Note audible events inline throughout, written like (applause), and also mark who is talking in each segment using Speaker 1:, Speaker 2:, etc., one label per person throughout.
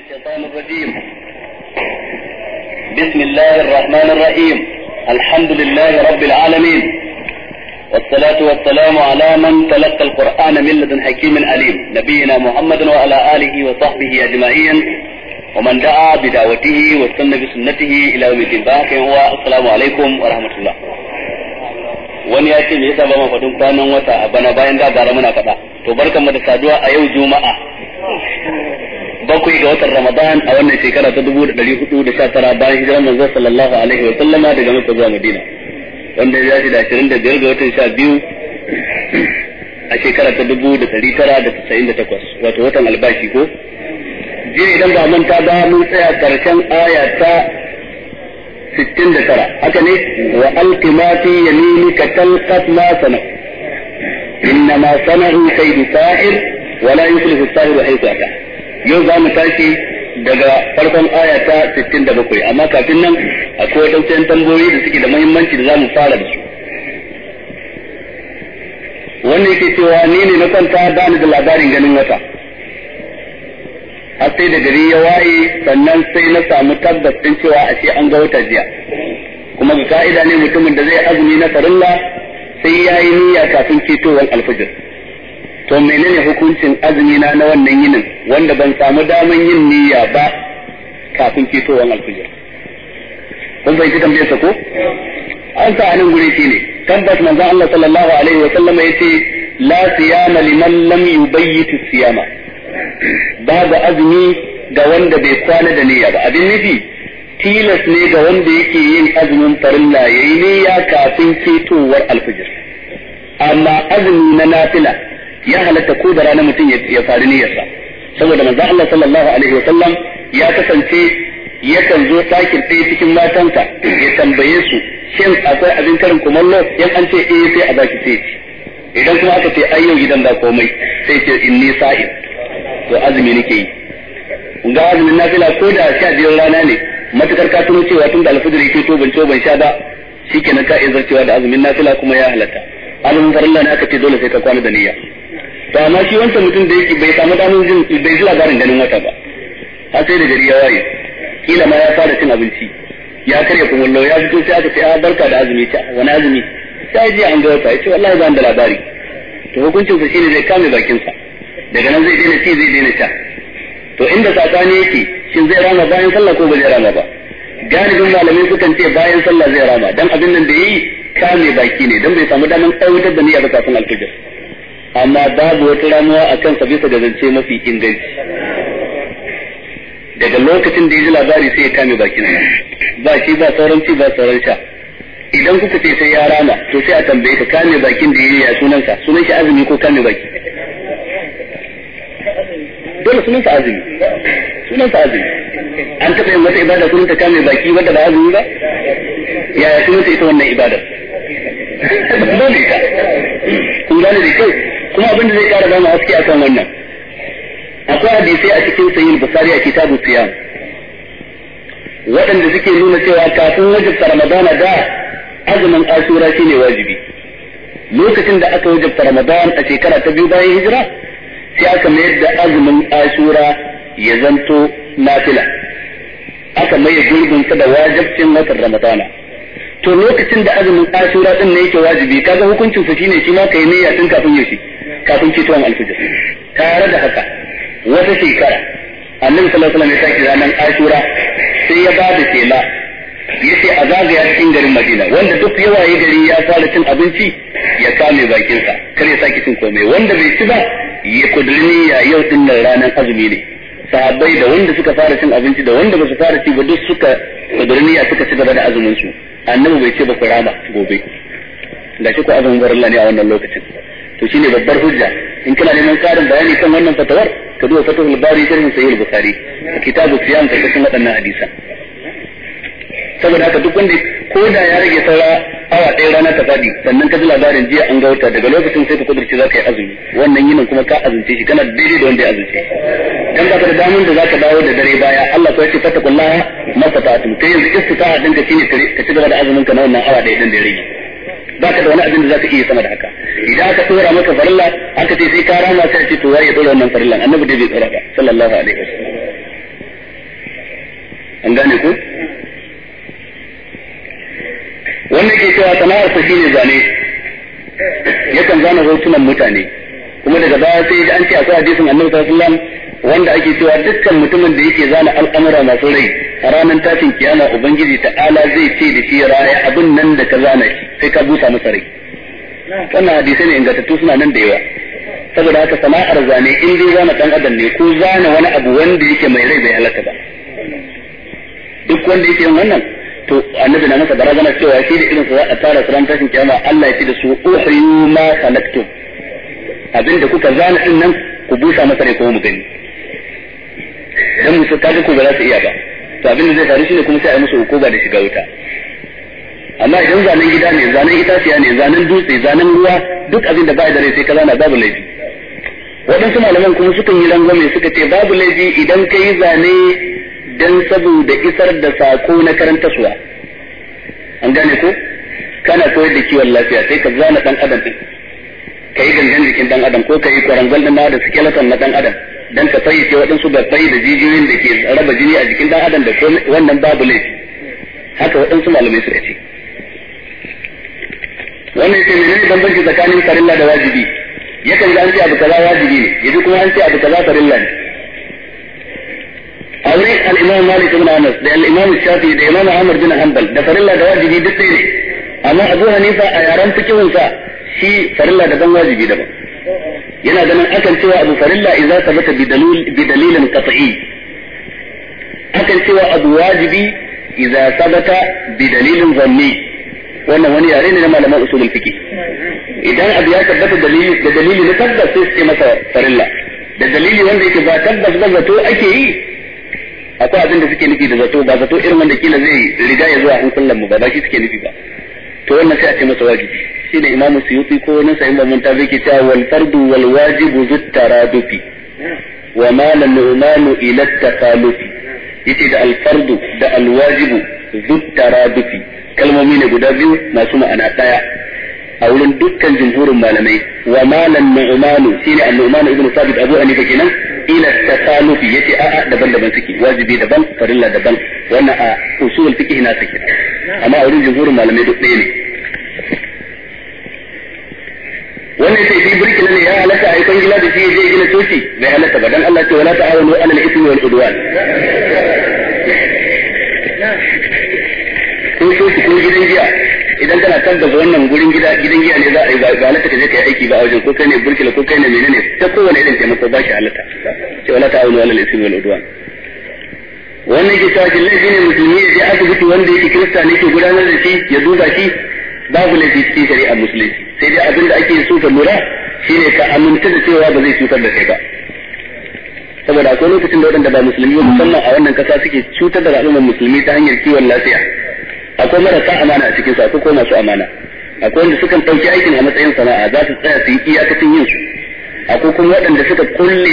Speaker 1: الشيطان الرجيم بسم الله الرحمن الرحيم الحمد لله رب العالمين والصلاة والسلام على من تلقى القرآن من لدن حكيم أليم نبينا محمد وعلى آله وصحبه أجمعين ومن دعا بدعوته واستنى بسنته إلى يوم الدين هو السلام عليكم ورحمة الله wani ya ce me yasa ba ma faɗin kwanan wata a bana bayan da gara muna faɗa to barkan mu da saduwa a yau juma'a bakwai ga watan Ramadan a wannan shekara ta 1419 bayan hijiran manzon sallallahu alaihi wa sallama daga Makka zuwa Madina wanda ya shi da 25 ga watan 12 a shekara ta 1998 wato watan albashi ko jiya idan ba ta ba mun tsaya karshen aya ta 69 haka ne wa alqima fi yaminika talqat ma sana ma sana'u kaydu sa'ir wala yuflihu sa'iru sair haythu ata yau za mu tashi daga farkon aya ta 67 amma kafin nan akwai wadansu tambayoyi da suke da muhimmanci da za mu fara da su wanda yake cewa ni ne na kwanta da ni da labarin ganin wata har sai da gari ya waye sannan sai na samu tabbas din cewa ce an ga wata jiya kuma ga ka'ida ne mutumin da zai azumi na farilla sai ya yi niyya kafin ketowar alfajir to menene hukuncin azumi na na wannan yinin wanda ban samu daman yin niyya ba kafin fitowar alfijir kun bai tambayar bai ko an sa anan guri shine tabbas manzon Allah sallallahu alaihi wa sallam yace la siyama liman lam yubayyit siyama babu azumi ga wanda bai kwana da niyya ba abin nufi tilas ne ga wanda yake yin azumin farilla yayi niyya kafin fitowar alfijir amma azumi na nafila ya halatta ko da rana mutum ya fari niyyarsa saboda manzo Allah sallallahu alaihi wasallam ya kasance yakan zo ɗakin ɗaya cikin matansa ya tambaye su shin akwai abin karin kumallo yan an ce eh sai a baki sai idan kuma aka ce ai gidan da komai sai ce inni sa'in to azumi nake yi ga azumin nafila ko da sha biyar rana ne matukar ka tuno cewa tun da alfajir yake to ban ciwo ban sha ba shikenan ka iya zarcewa da azumin nafila kuma ya halatta azumin farilla ne aka ce dole sai ka kwana da niyya to amma shi wancan mutum da yake bai samu damar jin bai ji labarin ganin wata ba har sai da gari ya waye kila ma ya fara cin abinci ya karya kumallo ya fito sai aka sai a ah, barka da azumi ta wani azumi sai ji an ga wata ya ce wallahi ba da labari to hukuncin sa shine zai kame bakin sa daga nan zai daina ci zai daina sha to inda sakani yake shin zai rama bayan sallah ko ba zai rama ba galibin malamai sukan ce bayan sallah zai rama dan abin nan da yi kame baki ne don bai samu damar aiwatar da niyya ba kafin alfijir amma babu wata ramuwa a kansa bisa da zance mafi inganci daga lokacin da ya ji labari sai ya kame bakin sa ba shi ba sauran ci ba sauran sha idan kuka ce sai ya rama to sai a tambaye ka kame bakin da ya yi ya sunansa sunan shi azumi ko kame baki
Speaker 2: dole sunansa azumi
Speaker 1: sa azumi an taɓa yin wata ibada ta kame baki wanda ba azumi ba yaya ta ita wannan ibada? dole ka kun gane da kai kuma abin da zai kara ba mu haske akan wannan akwai hadisi a cikin sahih bukhari a kitabu siyam waɗanda suke nuna cewa kafin wajibta ramadana da azumin asura shine wajibi lokacin da aka wajabta ramadan a shekara ta biyu bayan hijira sai aka mayar da azumin asura ya zanto nafila aka mai gurbin da wajibcin watan ramadana to lokacin da azumin asura din ne yake wajibi kaga hukuncin sa shine shi ma kai niyya tun kafin shi. kafin fitowar alfijir tare da haka wata shekara annabi sallallahu alaihi wasallam ya saki ranar ashura sai ya ba da tela yace a zagaya cikin garin madina wanda duk yawaye gari ya fara cin abinci ya kame bakinsa kar ya saki cin komai wanda bai ci ba ya kudurini ya yau din nan ranar azumi ne sahabbai da wanda suka fara cin abinci da wanda ba su fara ci ba duk suka kudurini ya suka ci gaba da azumin su annabi bai ce ba ku rama gobe shi ko azumin barin ne a wannan lokacin to shine babbar hujja in kana neman karin bayani kan wannan fatawar ka duba fatawar bari sai al bukhari a kitabu siyam ka cikin waɗannan hadisan saboda haka duk wanda ko da ya rage saura awa ɗaya rana ta faɗi sannan ka ji labarin jiya an ga wata daga lokacin sai ka kudurci za ka yi azumi wannan yinin kuma ka azumce shi kana daidai da wanda ya azumce dan ba ka da damun da za ka dawo da dare baya Allah ko ya ce fattakullaha ma fata'atum kai yanzu istita'a din ka shine ka ci gaba da azumin ka na wannan awa ɗaya din da ya rage ba ka da wani abin da za ka iya sama da haka idan aka tsora maka farilla aka ce sai ka rama sai ce to wai ya tsora wannan farilla annabi dai bai tsora ba sallallahu alaihi wasallam an gane ku wannan ke cewa sana'ar sa shine zane yakan zana hotunan mutane kuma daga baya sai an ce akwai hadisin annabi sallallahu alaihi wasallam wanda ake cewa dukkan mutumin da yake zana al'amura masu rai a ranar tashin kiyama ubangiji ta'ala zai ce da shi raya abin nan da ka zana shi sai ka busa masa rai wannan hadisai ne ingantattu suna nan da yawa saboda haka sana'ar zane in dai zana dan adam ne ko zana wani abu wanda yake mai rai bai halaka ba duk wanda yake yin wannan to annabi na masa barazana cewa shi da irin sa za a tara ran tashin kiyama Allah ya ce da su uhriyu ma khalaqtum abinda kuka zana din nan ku busa masa rai ko mu gani dan musu kaga ko ba za su iya ba to abin da zai faru shine kuma sai a yi musu hukuma da shiga wuta amma idan zanen gida ne zanen itaciya ne zanen dutse zanen ruwa duk abin da ba da rai sai ka zana babu laifi waɗansu malaman kuma sukan yi rangwame suka ce babu laifi idan ka yi zane dan saboda isar da sako na suwa an gane ko kana koyar da kiwon lafiya sai ka zana dan adam din ka yi gangan jikin dan adam ko ka yi kwarangwal na da skeleton na dan adam dan ta ce waɗansu gabbai da jijiyoyin da ke raba jini a jikin dan adam da wannan babu ne haka waɗansu malamai suka ce wannan ke ne bambanci tsakanin farilla da wajibi yakan ga an ce abu kaza wajibi ne yaji kuma an ce abu kaza farilla ne a wurin al-imam malik ibn anas da al-imam shafi da imam ahmad bin hanbal da farilla da wajibi duk ne amma abu hanifa a yaran fikihunsa shi farilla ban wajibi daban yana ganin akan cewa abu farilla idza sabata bi dalilin qat'i akan cewa abu wajibi idza sabata bi dalilin zanni wannan wani yare ne na malaman usulul fiqh idan abu ya tabbata dalili da dalili na tabbas sai su masa farilla da dalili wanda yake ba tabbas ba zato ake yi akwai abin da suke nufi da zato ba zato irin wanda kila zai riga ya zuwa hankulan mu ba ba shi suke nufi ba to wannan sai a ce masa wajibi shi ne imamu suyuti ko wani sa'in ba munta zai ke cewa wal fardu wal wajibu zut taradufi wa ma lan nu'manu ila tafalufi yace da al fardu da al wajibu zut taradufi kalmomi ne guda biyu masu ma'ana daya a wurin dukkan jumhurin malamai wa ma lan nu'manu ne al nu'manu ibnu sabit abu anifa kenan ila tafalufi yace a'a daban-daban suke wajibi daban farilla daban wannan a usul fiqh na suke amma a wurin jumhurin malamai duk ɗaya ne wannan sai bi burki ne ya halaka a yakan gila da shi zai gina coci bai halaka ba dan Allah ce wala ta'awunu alal ismi wal udwan ko coci ko gidan giya idan kana da wannan gurin gida gidan giya ne za a yi ba ga ka je kai aiki ba a wajen ko kai ne burki ko kai ne menene ta kowane irin taimako ba shi halaka ce wala ta'awunu alal ismi wal udwan wannan ke sa jin laifi ne musulmi ya je asibiti wanda yake kirista ne ke gudanar da shi ya duba shi babu laifi cikin shari'a musulunci sai dai abin da ake so ka lura shine ka aminta da cewa ba zai cutar da kai ba saboda akwai lokacin da waɗanda ba musulmi ba musamman a wannan kasa suke cutar da al'ummar musulmi ta hanyar kiwon lafiya akwai marasa amana a cikin su akwai kuma masu amana akwai wanda sukan ɗauki aikin a matsayin sana'a za su tsaya su yi iyakacin yin su akwai kuma waɗanda suka kulle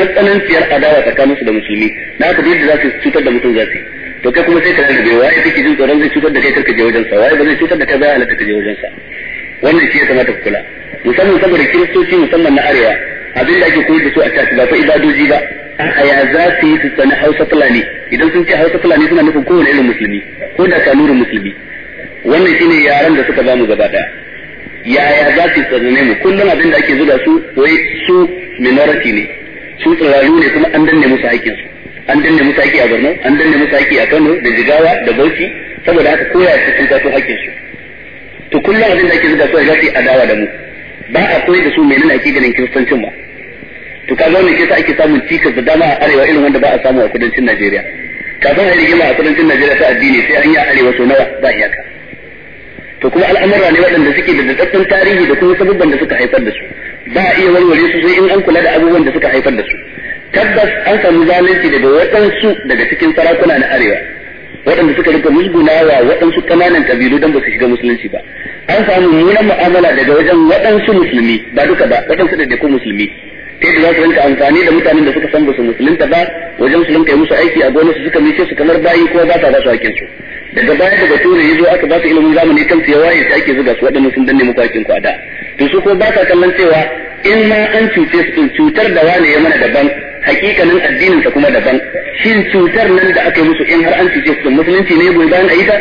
Speaker 1: matsananciyar adawa tsakanin su da musulmi na haka da yadda za su cutar da mutum za su yi to kai kuma sai ka rage waye kake jin tsoron zai cutar da kai karka je wajen sa waye ba zai cutar da kai ba halatta ka je wajen sa wannan shi ya kamata ku kula musamman saboda kiristoci musamman na arewa abin da ake koyi da su a tashi ba fa ibadoji ba a ya za su yi su sani hausa fulani idan sun ce hausa fulani suna nufin kowane irin musulmi ko da kanurin musulmi wannan shine yaran da suka zamu gaba daya yaya za su tsanane mu kullum abin da ake zuba su wai su minority ne su tsiraru ne kuma an danne musu haƙƙin su an danne musu haƙƙi a Borno an danne musu haƙƙi a Kano da Jigawa da Bauchi saboda haka koya su sun tato haƙƙin su to kullum abin da ake zuga su za su yi adawa da mu ba a koyi da su menene ake ganin kristancin mu to ka ne ke sa ake samun cikas da dama a arewa irin wanda ba a samu a kudancin Najeriya ka san hali rigima a kudancin Najeriya ta addini sai an yi arewa so nawa ba iyaka to kuma al'amura ne waɗanda suke da daɗaɗɗen tarihi da kuma sababban da suka haifar da su ba a iya warware su sai in an kula da abubuwan da suka haifar da su tabbas an samu zalunci daga waɗansu daga cikin sarakuna na arewa waɗanda suka rika wa waɗansu kananan kabilu don ba su shiga musulunci ba an samu munan mu'amala daga wajen waɗansu musulmi ba duka ba waɗansu da ko musulmi ta yadda za su rinka amfani da mutanen da suka san ba su musulunta ba wajen su rinka yi musu aiki a gonar su suka mice su kamar bayi ko ba ta ba su hakkin su daga baya daga tura zo aka ba su ilimin zamani kan su yawa sai ake zuga su waɗannan sun danne muku hakkin a da to su ko ba sa kallon cewa in ma an cuce su cutar da wane ya mana daban hakikanin addinin sa kuma daban shin cutar nan da aka yi musu in har an cuce su musulunci ne bai bayan ayyuka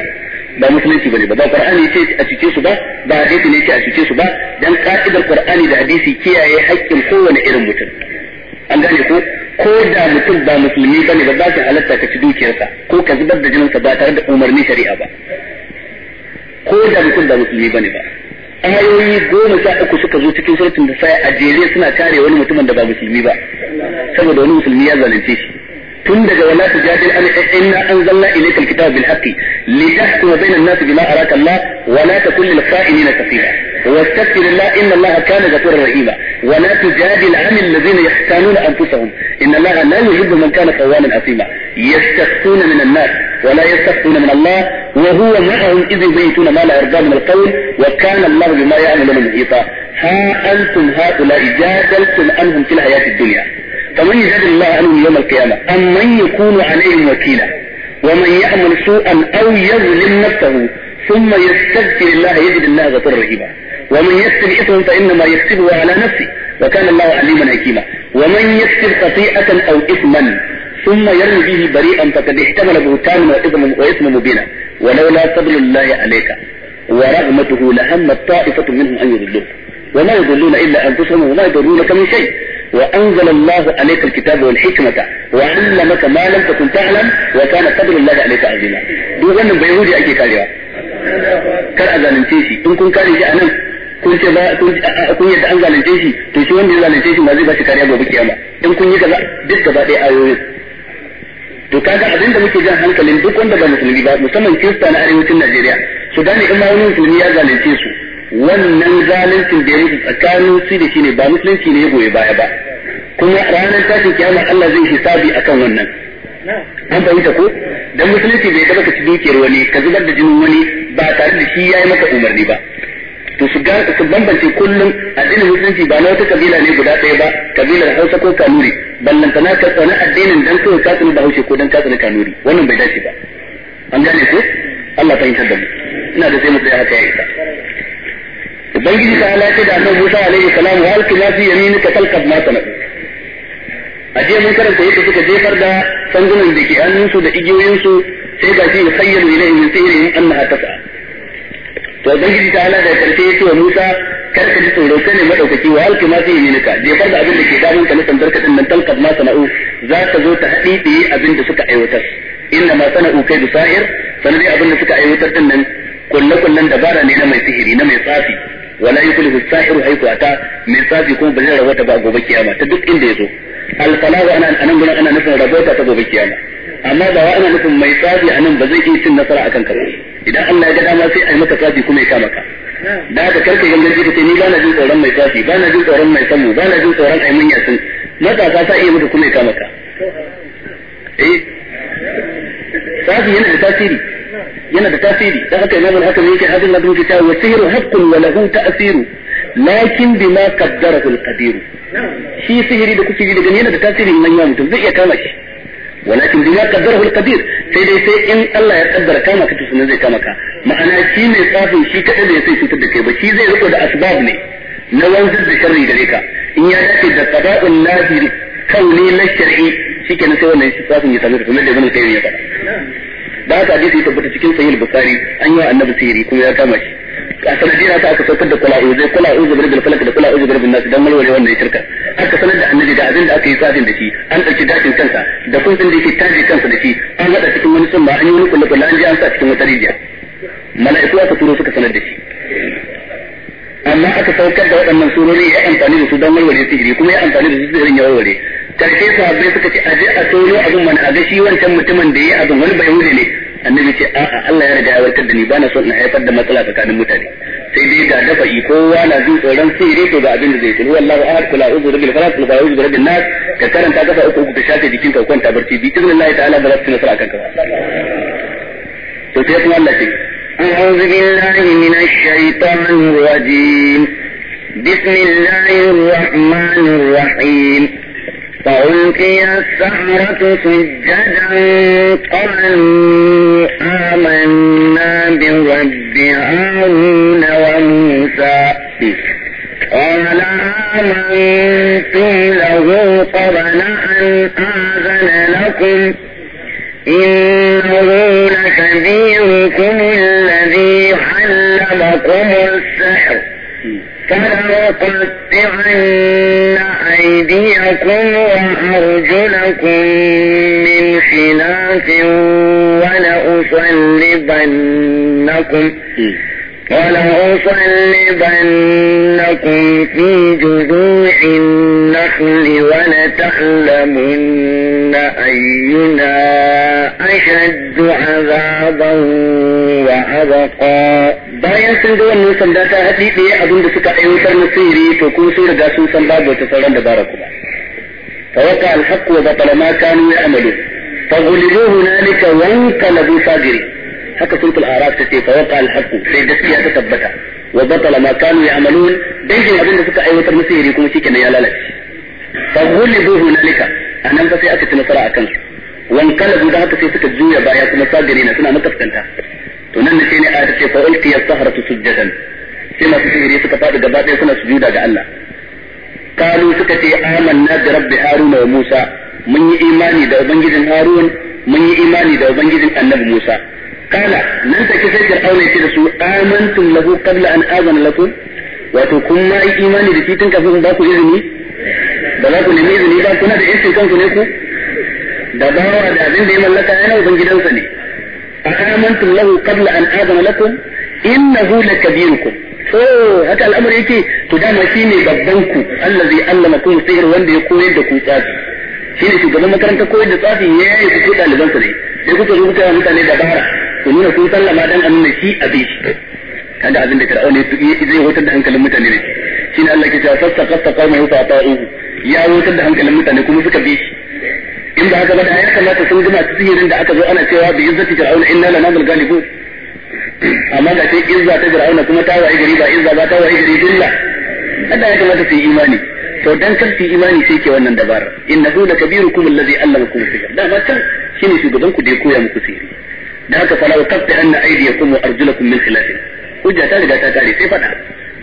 Speaker 1: ba musulunci bane ba ba qur'ani ce a cuce su ba ba hadisi ne ce a cuce su ba dan ka'idar qur'ani da hadisi kiyaye haƙƙin kowane irin mutum an gane ko ko da mutum ba musulmi bane ba za ka halatta ka ci dukiyarsa ko ka zubar da jininsa ba tare da umarni shari'a ba ko da mutum ba musulmi bane ba ayoyi goma sha uku suka zo cikin suratul nisa a jere suna kare wani mutumin da ba musulmi ba saboda wani musulmi ya zalunce shi تم ولا تجادل أن إنا أنزلنا إليك الكتاب بالحق لتحكم بين الناس بما أراك الله ولا تكن للخائنين wa واستغفر الله ان الله كان غفورا رحيما ولا تجادل عن الذين يختانون انفسهم ان الله لا يحب من كان خوانا اثيما يستخفون من الناس ولا يستخفون من الله وهو معهم اذ يبيتون ما لا يرضى من القول وكان الله بما يعملون محيطا ها انتم هؤلاء جادلتم عنهم في الحياه الدنيا فمن يجد الله عنهم يوم القيامة أم من يكون عليهم وكيلا ومن يعمل سوءا أو يظلم نفسه ثم يستغفر الله يجد الله غفورا رحيما ومن يكسب إثما فإنما يكسبه على نفسه وكان الله عليما حكيما ومن يكسب خطيئة أو إثما ثم يرمي به بريئا فقد احتمل بهتانا وإثما مبينا ولولا فضل الله عليك ورغمته لهم الطائفة منهم أن يضلوك وما يضلون إلا أنفسهم وما يضلونك من شيء وأنزل الله عليك الكتاب والحكمة وعلمك ما لم تكن تعلم وكان قدر الله عليك عظيما دو wannan bai hudi ake karewa kar a zalunce shi in kun kare shi a nan kun yadda an zalunce shi to shi wanda ya zalunce shi ma zai kariya gobe in kun yi duk ɗaya to kaga abin da muke jan hankalin duk wanda ba musulmi ba musamman kirista na arewacin Najeriya su gane in ma wani musulmi ya zalunce su wannan zalincin da ya mutu tsakanin su da shi ne ba musulunci ne ya goyi baya ba kuma ranar tashin kiyama Allah zai hisabi akan wannan an ta ko dan musulunci bai taba ka ci dukiyar wani ka zubar da jinin wani ba tare da shi yayi maka umarni ba to su ga su bambance kullum addinin musulunci ba na wata kabila ne guda ɗaya ba kabilar Hausa ko Kanuri ballantana ka tsana addinin dan kawai ka tsana Bahaushe ko dan ka tsana Kanuri wannan bai dace ba an gane ko Allah ta da mu ina da sai mu tsaya haka ya ba. ubangiji ta halaka da annabi Musa alaihi salam wa alqi ma fi ka talqab ma tanab a jiya mun karanta yadda suka jefar da sandunan da ke hannunsu da igiyoyinsu sai ga shi sayyalu ilaihi min sihrihim annaha tas'a to ubangiji ta halaka da karshe ce wa Musa kar ka ji tsoro kai ne madaukaki wa alqi ma fi ka jefar da abin da ke damun ka na sandar ka din nan talqab ma sana'u za ka zo ta haɗi abin da suka aiwatar inna ma sana'u kai bisa'ir sa'ir abin da suka aiwatar din nan kulle dabara ne na mai sihiri na mai tsafi wala yuflihu as-sahiru haythu ata min safi kuma ba zai rabota ba gobe kiyama ta duk inda yazo al-falahu ana anan gurin ana nufin rabota ta gobe kiyama amma ba wa ana nufin mai safi anan ba zai iya cin nasara akan ka idan Allah ya ga dama sai a maka safi kuma ya kama ka da haka karka gangan ka ce ni ba na jin tsoron mai safi ba na jin tsoron mai samu ba na jin tsoron ai mun yasin matasa sa iya maka kuma ya kama ka eh safi yana da tasiri yana da tasiri dan haka imamul hakim yake hadin ladun ki ta wa sihru haqqun wa lahu ta'siru lakin bima qaddarahu al-qadir shi sihiri da kuke ji daga yana da tasiri in manya mutum zai iya kama shi walakin bima qaddarahu al-qadir sai dai sai in Allah ya kaddara kama ka to zai kama ka ma'ana shi ne tsafin shi kada da ya sai cutar da kai ba shi zai riko da asbab ne na wanzar da sharri gare ka in ya dace da qada'un nazir kauni na shar'i shikenan sai wannan tsafin ya same ka kuma da ibn kayyim ya
Speaker 2: faɗa
Speaker 1: da haka hadisi tabbata cikin sahih bukhari an yi annabi sihiri kuma ya kama shi a sanadiyar haka aka saukar da kula'u zai kula'u zubar da falak da kula'u zubar da nasu dan malwale wannan shirka aka sanar da annabi da abin da aka yi sajin da shi an ɗauki gashin kansa da kun san da yake taji kansa da shi an haɗa cikin wani summa an yi wani kulle kulle an je an sa cikin wata rijiya mala'iku aka turo suka sanar da shi amma aka saukar da waɗannan surori ya amfani da su don warware sihiri kuma ya amfani da su sihirin ya warware karshe sahabbai suka ce aje a tono abin mana a ga shi wancan mutumin da ya abin wani bai wuce ne annabi ce a'a Allah ya riga ya warkar da ni bana son na haifar da matsala tsakanin mutane sai dai ga dafa kowa na jin tsoron sihiri to ga abin da zai tuni wallahu a kula uzu rabbil falaq wa uzu rabbin nas ka karanta kafa uku uku ka shafe jikin ka kwanta barci bi iznillahi ta'ala da rabbina su nasara ka to sai kuma Allah ce أعوذ بالله من الشيطان الرجيم بسم الله
Speaker 3: الرحمن الرحيم فألقي السحرة سجدا قالوا آمنا برب هارون وموسى قال آمنتم له قبل أن آذن لكم إنه لكبيركم لكم السحر فلا تقطعن أيديكم وأرجلكم من خلاف ولأصلبنكم ولأصلبنكم في جذوع النخل ولتعلمن أينا أشد عذابا وأبقى
Speaker 1: bayan sun ga wannan sanda ta haɗi ɗaya abin da suka aiwatar na sihiri to kuma sun riga sun san babu wata sauran dabara kuma tawaka alhaqqu wa batala ma kanu ya'malu faghlibu hunalika wa inqalabu fajiri haka sun al-araf ta ce tawaka alhaqqu sai gaskiya ta tabbata wa batala ma kanu ya'malun dangin abin da suka aiwatar na sihiri kuma kenan ya lalace faghlibu a nan fa sai aka ci nasara a su wa inqalabu da haka sai suka juya baya kuma fajiri na suna makaskanta to nan ne ne ayata ce fa ulqiya sahratu sujjadan sai masu sihiri suka faɗi gaba ɗaya suna sujuda ga Allah kalu suka ce amanna bi rabbi haruna wa musa mun yi imani da ubangijin harun mun yi imani da ubangijin annabi musa kala nan take sai fir'auna aure da su amantu lahu qabla an azana lakum wato kun ma yi imani da shi tun kafin ba ku izini ba za ku nemi izini ba kuna da kan kanku ne ku da bawa da abin da ya mallaka yana ubangidansa ne amantum lahu qabla an adana lakum innahu lakabirukum so haka al'amari yake to dama shine babban ku allazi allama kun sihir wanda ya koyar da ku tsafi shine shugaban makaranta koyar da tsafi ya yi ku ɗaliban su ne sai kuka mutane da bara ku nuna kun sallama dan a nuna shi abin shi kaga abin da fir'aun ne zai hotar da hankalin mutane ne shine Allah ke cewa fasta qasta nasa sun gama sihirin da aka zo ana cewa bi izzati fir'auna inna lanamul galibun amma ga sai izza ta fir'auna kuma ta waye gari ba izza ba ta waye gari billah Allah ya kamata su yi imani to dan kar su yi imani sai ke wannan dabara innahu lakabirukum allazi allamakum sihir da ma can shine shugaban ku da ya koya muku sihiri da haka fala taqta anna aydiyakum wa arjulakum min khilaf hujja ta riga ta kare sai fada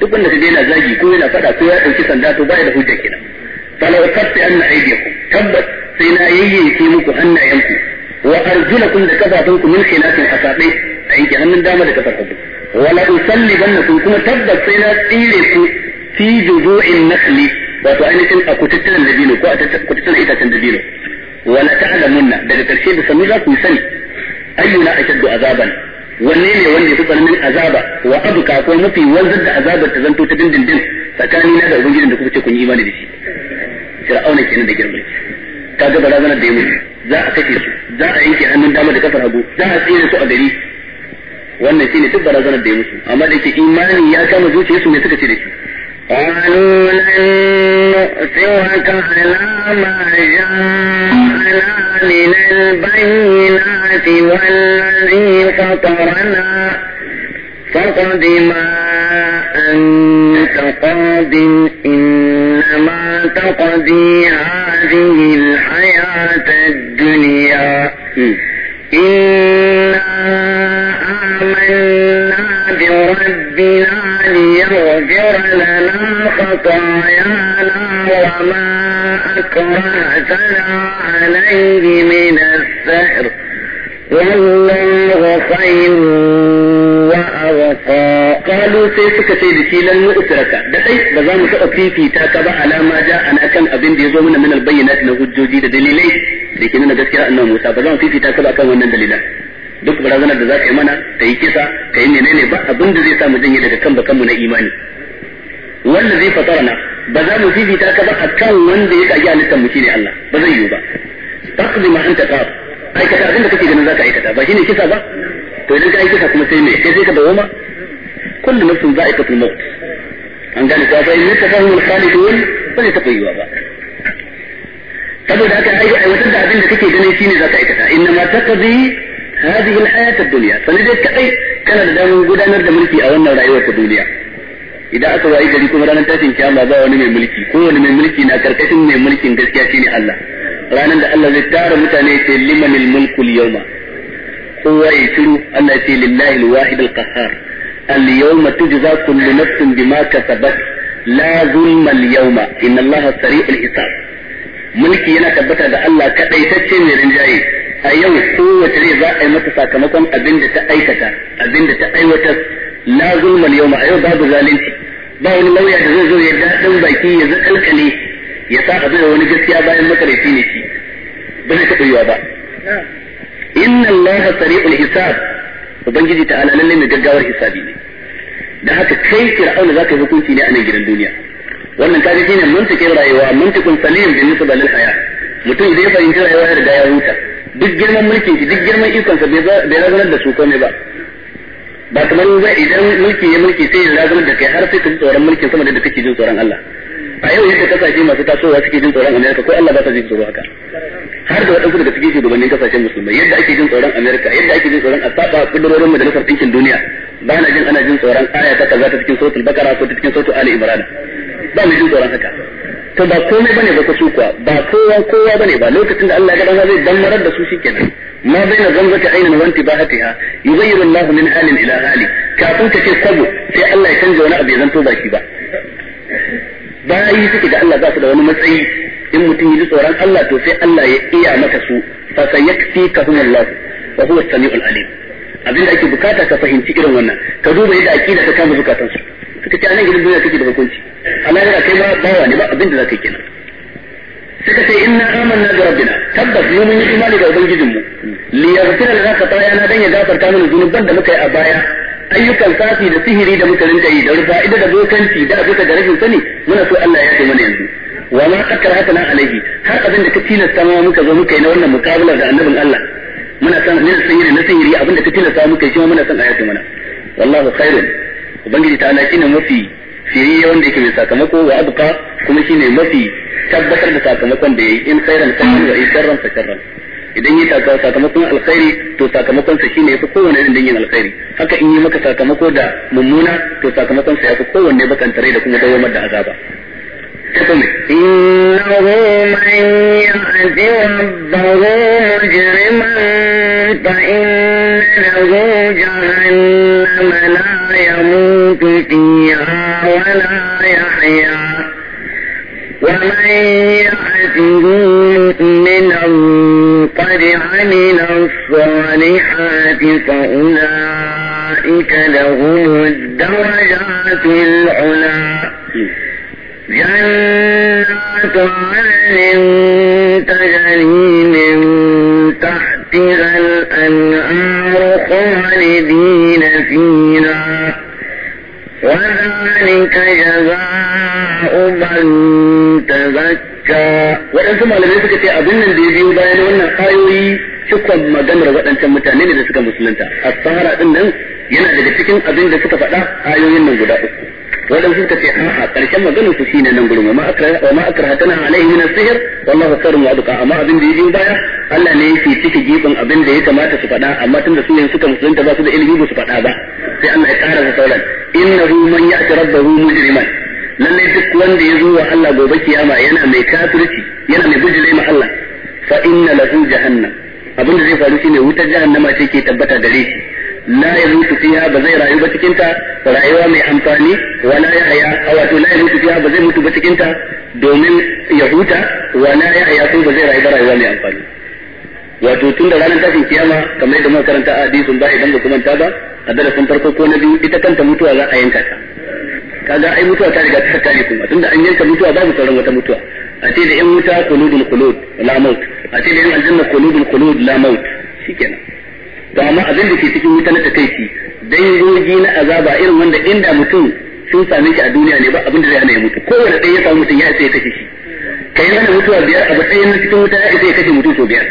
Speaker 1: duk wanda ka daina zagi ko yana fada ko ya dauki sanda to baya da hujja kenan fala taqta anna aydiyakum tabbas sai na yayyanke muku hannayenku wa arjulakum da kafafunku min khilafin asabe a yanke hannun dama da kafar hagu wala usallibannakum kuma tabbas sai na tsire ku fi juzu'in nakhli wato ainihin a kututtunan dabino ko a kututtunan itacen dabino wala ta'lamunna daga karshe da sami za ku sani ayyuna ashaddu azaban wanne ne wanda ya fi tsananin azaba wa abuka ko mafi wanzar da azabar ta zanto ta dindindin tsakanina da ubangijin da kuka ce kun yi imani da shi fir'auna kenan da girman ga barazanar da ya mutu za a kashe su za a yanke hannun dama da kafar hagu za a tsere su a gari wannan shine duk barazanar da ya mutu amma da yake imani ya kama zuciyarsu me suka ce da shi قالوا لن نؤثرك على ما
Speaker 2: جاءنا
Speaker 1: من
Speaker 3: البينات والذي فطرنا
Speaker 1: فقدم ما
Speaker 3: أنت قادم إنما تقضي هذه الحياة الدنيا إنا آمنا بربنا ليغفر لنا خطايانا وما أكرهتنا عليه من السحر
Speaker 1: والله خير sai suka ce a shi lan nu'tiraka da dai ba za mu fifita ka ba alama ja ana kan abin da ya mana min albayyinat na hujjoji da dalilai da ke nuna gaskiya annabi Musa ba za mu fifita ka ba kan wannan dalilan duk barazanar da za ka yi mana ta yi kisa ta yi menene ba abin da zai sa mu janye daga kan bakanmu na imani wanda zai fatarna ba za mu fifita ka ba a kan wanda ya kage halittar mu shine Allah ba zai yiwu ba taqdi ma anta qab aikata abin da kake ganin za ka aikata ba shine kisa ba to idan ka aikata kuma sai me sai ka dawo ma كل من في ذائقة الموت عند ذلك فإن موت فهم الخالدون فليتقيوا بعد تبدا أي وتبدا بين كتي بين سين انما تقضي هذه الحياة الدنيا فلذلك تقي كان لدم غدان ده ملكي أولا انه رايوه الدنيا اذا اتى اي دليل كما ان تاتي ان شاء الله ذا وني ملكي كو ني ملكي نا كركتين ني ملكي غسكيا شيني الله ranan da Allah zai tara mutane sai liman al-mulku al-yawma kowa yi shiru Allah al-yawma tujza kullu nafsin bima kasabat la zulma al-yawma inna Allah sari'ul hisab mulki yana tabbata da Allah kadaitacce mai rinjayi. a yau kowace rai za a yi mata sakamakon abin da ta aikata abin ta aiwatar a yau babu zalunci ba wani lauya da zai zo ya daɗin baki ya zakalkale ya sa a zai wani gaskiya bayan makarfi ne shi ba zai taɓa yiwa ba inna allaha sari'ul hisab ubangiji ta alalan ne mai gaggawar hisabi ne da haka kai fir'auna ka yi hukunci ne a nan gidan duniya wannan kaji shine mantikin rayuwa mantikun salim bin nisba lil haya mutum zai fahimci rayuwa ya riga ya huta duk girman mulkin shi duk girman ikon sa bai razanar da su komai ba ba kamar ba idan mulki ya mulki sai ya razanar da kai har sai ka ji tsoron mulkin sama da kake jin tsoron Allah a yau yadda kasashe masu tasowa suke jin tsoron allah ko Allah ba ta jin tsoro haka waɗansu daga cikin shugabannin kasashen musulmai yadda ake jin tsoron Amerika yadda ake jin tsoron asaba kudurorin majalisar ɗinkin duniya ba na jin ana jin tsoron aya ta kaza ta cikin sautul bakara ko ta cikin sautul ali imran ba mu jin tsoron haka to ba komai bane ba kasu kuwa ba kowa kowa bane ba lokacin da Allah ya ga zai marar da su shikenan ma baina gamzati ainin wanti bahatiha yughayyiru Allah min halin ila hali kafin ka ce sabo sai Allah ya canja wani abu ya zanto baki ba bayi suke da Allah ba su da wani matsayi in mutum yi ji tsoron Allah to sai Allah ya iya maka su fa sayaktikahum Allah wa huwa as-sami'ul alim abinda ake bukata ka fahimci irin wannan ka duba yadda aqida ta kama zukatan su suka ce anan gidan duniya kake da hukunci Allah ya kai ma bawa ne ba abinda zaka kenan suka ce inna amanna bi rabbina tabbas mu mun yi imani ga ubangijin mu li yaghfira lana na dan ya gafarta mana zunuban da muka yi a baya ayyukan safi da sihiri da muka rinka yi da rufa ida da bokanci da abin da rashin sani muna so Allah ya kai mana yanzu wa ma akrahaka alaihi har abin da ka tilasta ma muka zo muka yi na wannan mukabalar da annabin Allah muna san ne san yi na san yi abin da ka tilasta muka yi shi muna san ayatu mana wallahu khairun ubangiji ta alaki ne mafi fiye wanda yake mai sakamako wa abqa kuma shine mafi tabbatar da sakamakon da yayi in khairan khairan wa in sharran fa sharran idan yi sakamakon alkhairi to sakamakon sa shine yafi kowanne irin dangin alkhairi haka in yi maka sakamako da mummuna to sakamakon sa yafi kowanne bakantare da kuma dawo da azaba
Speaker 3: إنه من يأت ربه مجرما فإن له جهنم لا يموت فيها ولا يحيا ومن يأته مؤمنا قد عمل الصالحات فأولئك لهم الدرجات العلى جنات عدن
Speaker 1: waɗansu malamai suka ce abin nan da ya biyo bayan wannan ayoyi cikon maganar waɗancan mutane ne da suka musulunta a sahara ɗin nan yana daga cikin abin da suka faɗa ayoyin nan guda uku wadan suka ce a karshen maganar su shine nan gurin ma akra wa ma akrahatana alaihi min as-sihr wallahu khairun wa adqa amma abin da yake baya Allah ne yake cike gibin abin da ya kamata su faɗa amma tunda su yanzu suka musulunta ba su da ilimi ba su faɗa ba sai Allah ya ƙara da sauran innahu man ya'ti rabbahu mujriman lalle duk wanda ya zo wa Allah gobe kiyama yana mai kafirci yana mai bujire ma fa inna lahu jahannam abin da zai faru shine wutar jahannama ce ke tabbata da shi la mutu fiya ba zai rayu ba cikin ta rayuwa mai amfani wa wala yahya wato la mutu fiya ba zai mutu ba cikin ta domin ya huta wala yahya ko ba zai rayu ba rayuwa mai amfani wato tun da ranar tashin kiyama kamar yadda muka karanta a hadisin ba idan ba kuma ta ba a darasin farko ko na biyu ita kanta mutuwa za a yanka ta kaga ai mutuwa ta riga ta kare kuma tunda an yanka mutuwa babu sauran wata mutuwa a ce da in wuta kuludul kulud la maut a ce da yan aljanna kuludul kulud la maut shikenan to amma abin da ke cikin wuta na takaici dangogi na azaba irin wanda inda mutum sun same shi a duniya ne ba abin da zai hana ya mutu kowane dai ya samu mutum ya sai ya kashe shi kai yana mutuwa biyar a batsayin na cikin wuta ya isa ya kashe mutum so biyar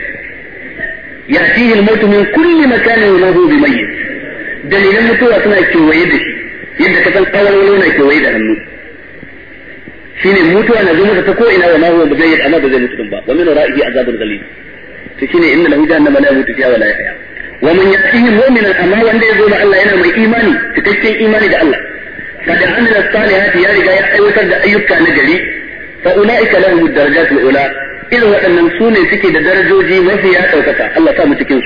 Speaker 1: ya tihil mautu min kulli makanin wa huwa mayyit dalilan mutuwa suna kewaye da shi yadda ka san wani na kewaye da hannu shine mutuwa na zo ta ko ina wa ma huwa mayyit amma ba zai mutu ba wa min ra'i azabul ghalib to shine inna lahu jahannama la yamutu fiha wa la yahya wa man yatihi mu'minan amma wanda ya zo da Allah yana mai imani cikakken imani da Allah kada amila salihati ya riga ya aiwatar da ayyuka na gari fa ulaika lahum darajatul ula irin waɗannan su ne da darajoji mafiya ɗaukaka Allah sa mu cikin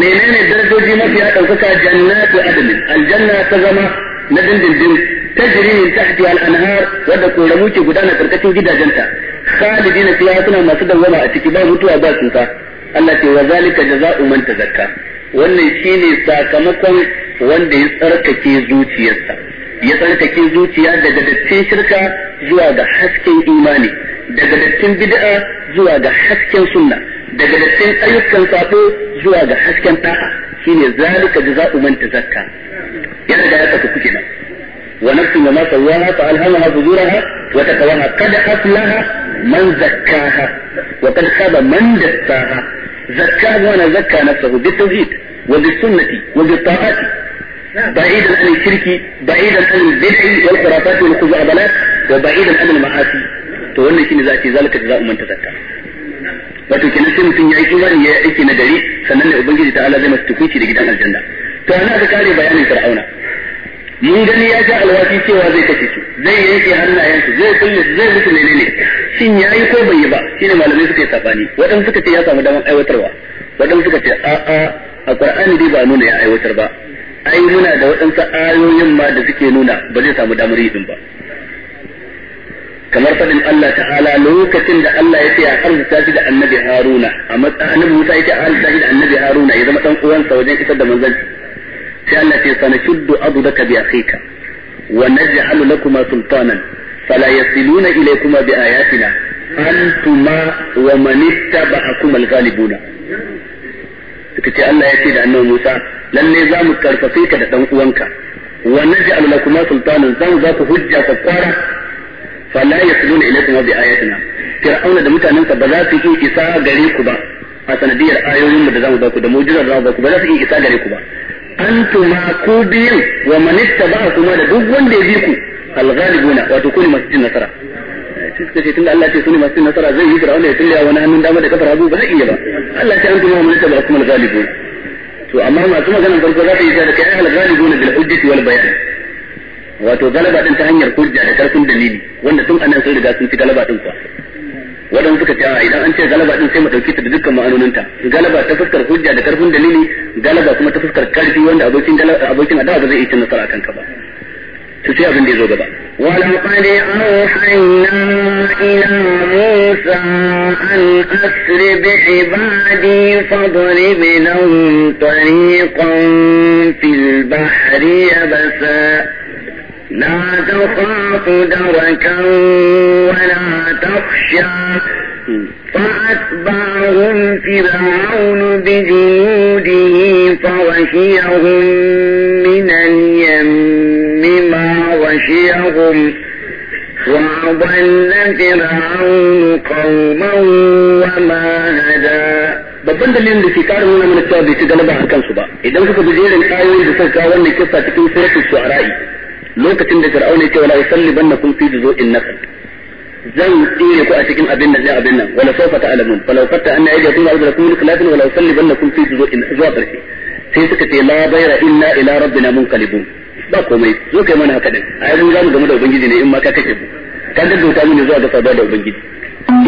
Speaker 1: menene darajoji mafiya ɗaukaka jannatu adnin aljanna ta zama na dindindin tajri min tahtiha al-anhar wadda koramu ke gudana karkashin gidajenta khalidina fiha suna masu dawwama a ciki ba mutuwa ba tsufa Allah ce wa zalika jaza'u man tazakka wannan shine sakamakon wanda ya tsarkake zuciyarsa ya tsarkake zuciya daga dattin shirka zuwa ga hasken imani daga dattin bid'a zuwa ga hasken sunna daga dattin ayyukan sabo zuwa ga hasken ta'a shine zalika jaza'u man tazakka yadda da haka kuke nan ونفس ما سواها فألهمها فجورها وتقواها قد أفلح من زكاها وقد خاب من دساها زكاها وأنا زكى نفسه بالتوحيد وبالسنة وبالطاعات بعيدا عن الشرك بعيدا عن البدع والخرافات والخزعبلات وبعيدا عن المعاصي to wannan shine za a من zalika jaza'u wato kenan sai mutum ya yi imani ya aiki na gari sannan ne ubangiji ta'ala zai masa tukunci da gidan aljanna to ana kare bayanin fir'auna mun gani ya ji alwafi cewa zai kashe shi zai yanke hannayensu zai kulle zai mutu ne shin yi ko bai yi ba shine malamai suka yi sabani waɗansu suka ce ya samu damar aiwatarwa waɗansu suka ce a'a a Qur'ani dai ba nuna ya aiwatar ba ai muna da waɗansu ayoyin ma da suke nuna ba zai samu damar yi ba kamar faɗin Allah ta'ala lokacin da Allah ya ce a arzuta shi da annabi Haruna a matsayin Musa ya ce a arzuta shi da annabi Haruna ya zama ɗan uwansa wajen isar da manzanci sai Allah ce sanashuddu ka bi akhika wa naj'alu kuma sultanan fala yasiluna ilaykuma bi a ayatina antuma wa man ittaba'akum al-ghalibuna suka ce Allah ya ce da annabi Musa lalle za mu karfafe ka da dan uwanka Wannan wa naj'alu kuma sultanan zan za ku hujja ka kwara fala yasiluna ilaykuma bi ayatina fir'auna da mutanensa ba za su yi isa gare ku ba a sanadiyar ayoyin da za mu ba ku da mu'jizar da za mu ba ku ba za su yi isa gare ku ba antuma ku biyan wa man ittaba'a kuma da duk wanda ya bi ku al wato kuni masu masjidin nasara suka ce tunda Allah ce sune masu nasara zai yi fir'auna ya tulla wani hannun dama da kafar hagu ba zai iya ba Allah ce an tuma mun ba kuma galibu to amma masu maganar farko za ta yi da kai ahal galibu na bil hujjati wal bayan wato galaba din ta hanyar hujja da karfin dalili wanda tun anan sun riga sun ci galaba din kuwa wadan suka ce idan an ce galaba din sai mu dauke ta da dukkan ma'anoninta galaba ta fuskar hujja da karfin dalili galaba kuma ta fuskar karfi wanda abokin abokin adawa ba zai yi cin nasara kanka ba to sai abin da yazo gaba ولقد
Speaker 3: أوحينا إلى موسى أن أسر بعبادي فاضرب لهم طريقا في البحر يبسا لا تخاف دركا ولا تخشى فأتبعهم فرعون بجنوده فغشيهم من اليم ما غشيهم وأضل
Speaker 1: فرعون قوما وما هدى babban dalilin da ke kara nuna mana cewa bai ci galaba a kansu ba idan suka bi jerin ayoyin da suka kawo wannan kissa cikin suratul shu'ara'i lokacin da fir'auna yake wala usallibannakum fi juzu'in nakhl zan tsire ku a cikin abin nan da abin nan wala sawfa ta'lamun falau fatta anna ajatum arjulakum min khilafin wala usallibannakum fi juzu'in zuwa sai suka ce la bayra inna ila rabbina munqalibun ba komai zo kai mana haka din ai mun zamu game da ubangiji ne in ma ka kace mu ka gaggauta mu ne zuwa ga sabuwa da ubangiji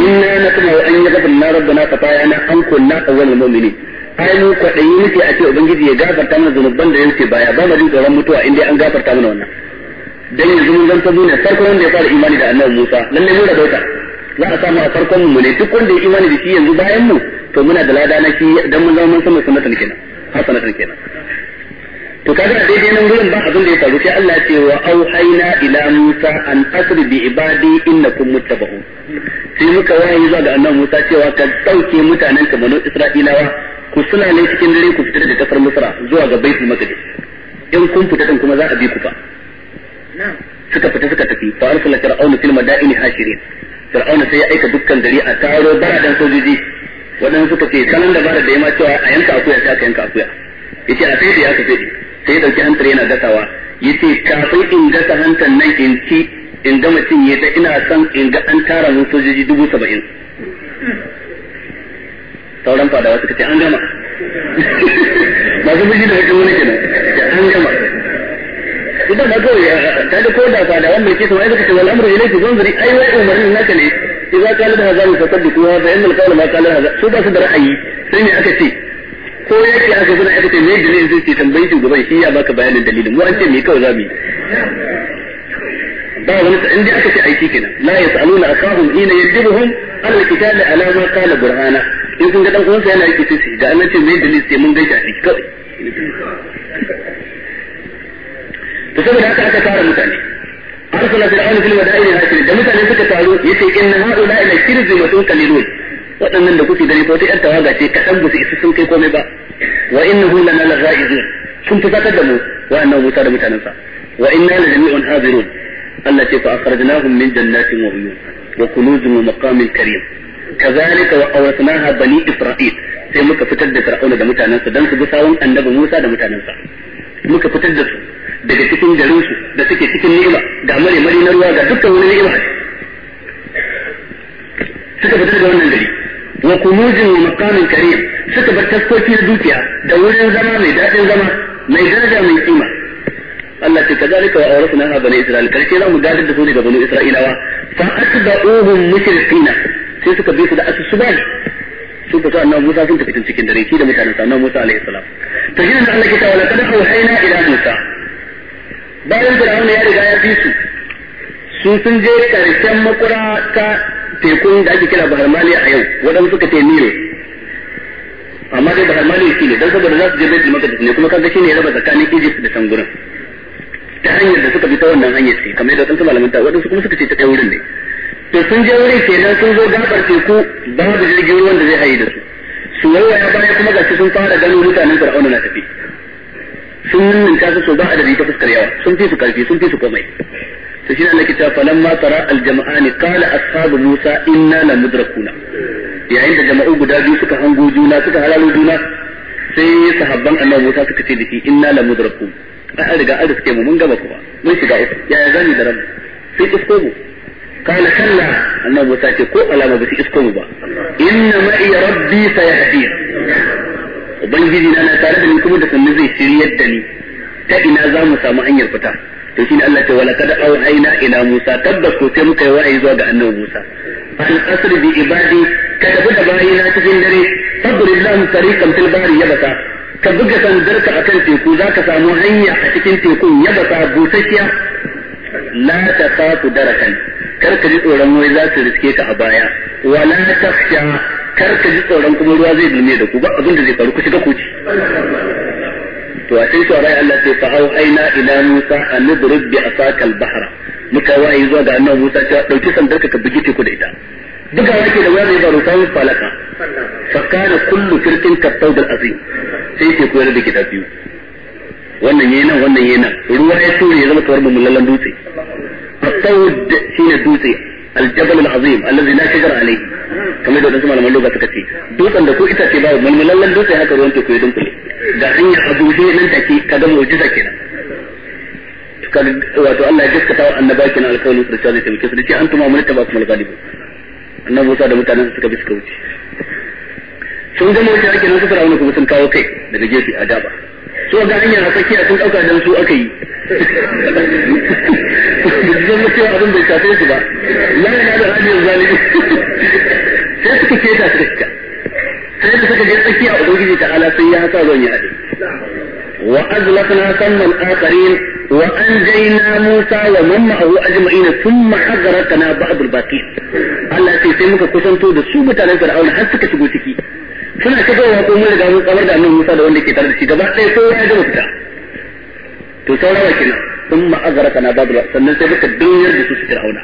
Speaker 1: inna natma'u an yaghfirna rabbana an kunna awwalul mu'minin ai mu kwadayi muke a ce ubangiji ya gafarta mana zunuban da yake baya ba mu jin tsoron mutuwa in dai an gafarta mana wannan dan yanzu mun zanta duniya farkon wanda ya fara imani da annabi Musa lalle mun da dauka za a samu a farkon mu ne duk wanda ya imani da shi yanzu bayan mu to muna da lada na shi dan mun zama mun san sunnatan kenan hasanatan kenan to kaga daidai nan gurin ba abin da ya faru sai Allah ce wa auhayna ila Musa an asri bi ibadi innakum muttabahu sai muka wahayi zuwa ga annabi Musa cewa ka dauke mutanen ka banu Isra'ilawa ku suna ne cikin dare ku fita da kasar Misra zuwa ga Baitul Maqdis in kun fita din kuma za a bi ku fa suka fita suka tafi fa arsala fir'auna fil madain hashirin fir'auna sai ya aika dukkan dare a taro baradan sojoji wadansu suka ce sanan da bara da ya ma cewa a yanka akuya ta yanka akuya yace a sai da ya ka sai dauki hantar yana gasawa yace kafin in gasa hantar nan in ci in ga gama ya ta ina son in ga an tara mun sojoji dubu saba'in sauran fadawa suka ce an gama (laughs) masu biji da wajen wani kenan an gama idan na kawai eh, ta da koda fa da wannan kisa wai suka ce wal amru ilayka gunzuri ai wai umarnin naka ne idza qala da hazalu fasaddiqu wa fa innal qawla ma qala hadha su ba su da ra'ayi sai ne aka ce ko yake aka zuna aka ce me dalilin zai ce tambayi shugaban shi ya baka bayanin dalilin mu an ce me kawai zamu yi ba wani in inda aka ce aiki kenan la na akahum hina yajibuhum ala alkitabi ala ma qala burhana in kun ga dan uwansa yana yake da ga annabi me dalilin sai mun gaisha shi kawai to saboda haka aka tara mutane arsala fir'auna fil madaini hasirin da mutane suka taru yace inna haula ila kirzmatun qalilun waɗannan da kuke gani ko ta yar tawaga ce kaɗan ba su isa sun kai komai ba wa innahu lana lagha'izun sun fusatar da mu wa annabi Musa da mutanensa wa inna la jami'un hadirun Allah ce fa akhrajnahum min jannatin wa uyun wa kunuzin wa maqamin karim kazalika wa awrasnaha bani isra'il sai muka fitar da fir'auna da mutanensa dan su bi sawun annabi Musa da mutanensa muka fitar da su daga cikin garin su da suke cikin ni'ima ga mare mare na ruwa ga dukkan wani ni'ima suka fita daga wannan gari wa kunuzin wa maqamin karim suka bar taskoki na dukiya da wurin zama mai daɗin zama mai daraja mai kima Allah ce kazalika wa awrasna ha bani isra'il karshe za mu gadar da su daga bani isra'ilawa fa asba'uhum mushrikina sai suka bi su da asusuban sun fito annabi Musa sun tafi cikin dare shi da mutanen sa annabi Musa alaihi salam to shi Allah ke ta cewa laqad haina ila Musa bayan fir'auna ya riga ya fi su su sun je karshen makura ta tekun da ake kira bahar mali a yau waɗanda suka ce nilo amma dai bahar mali shi ne don saboda za su je baitul maqdis ne kuma shi ne ya raba tsakanin Egypt da can gurin ta hanyar da suka bi ta wannan hanyar ce kamar yadda wasu malamin ta waɗansu kuma suka ce ta wurin ne to sun je wurin kenan sun zo gabar teku babu jirgin ruwan da zai haye da su su yawa ya baya kuma gashi sun fara gano mutanen fir'auna na tafi sun nan ta su ba adadi ta fuskar yawa sun fi su karfi sun fi su komai to shi Allah ke cewa falamma tara aljama'ani qala ashabu musa inna la mudrakuna yayin da jama'u guda biyu suka hango juna suka halalo juna sai sahabban annabi musa suka ce da shi inna la mudrakun an riga an riske mu mun gaba kuma mun shiga uku yaya zamu da rabu sai isko mu kana kalla annabi musa ce ko alama ba su isko mu ba inna ma'i rabbi sayahdin ubangiji na tare da ni kuma da sannu zai shiryar da ni ta ina za mu samu hanyar fita to shine Allah ce wala kad aina ila Musa tabbas ko sai muka yi wa'ayi zuwa ga annabi Musa an asri bi ibadi ka tafi da bayina cikin dare fadrib lahum tariqan fil bahri yabasa ka buga sandarka akan teku zaka samu hanya a cikin tekun yabasa busasshiya la ta khafu darakan kar ka ji tsoron wai za su riske ka a baya wala takhsha kar ka ji tsoron kuma ruwa zai dulme da ku ba abin da zai faru ku da ku ci to a cikin rai Allah sai fa aina ila Musa an nudrib bi asakal bahra muka wayi zuwa ga annabi Musa ta dauki sandar ka bugi teku da ita
Speaker 2: duka wake da wani
Speaker 1: faru sai falaka fa kana kullu firqin azim sai ke koyar da biyu wannan yayin nan wannan yayin nan ruwa ya ya zama kamar mummulan dutse shine dutse الجبل العظيم الذي لا شجر عليه kamar da wadansu malaman loga suka ce dutsen da ko ita ce babu mulmulallen dutse haka ruwan teku ya dunkule ga hanyar abuje nan take ka ga mu'jiza kenan wato Allah ya gaskata wa annaba kenan alƙawarin sarki zai taimake su da ce antum amanata ba kuma alghalibu annabi Musa da mutanen suka bi suka wuce sun gama wuce su kuma sun kawo daga gefe a to ga hanyar a tsakiya sun ɗauka nan su aka yi zan ga cewa abin bai shafe su ba yana na da hanyar zali sai suka keta suka fita sai da suka je tsakiya a ubangiji ta ala sai ya haka ruwan ya haɗe wa azlafna sannan akharin wa anjayna musa wa man ma'ahu ajma'ina thumma hadaratna ba'd al-baqi Allah sai sai muka kusanto da su mutanen fir'auna har suka shigo ciki suna shigowa ko mun da mun kamar da annabi Musa da wanda ke tare da shi gaba ɗaya kowa ya gama fita to saurawa kenan sun ma'azara kana babula sannan sai duka duniyar da su su fir'auna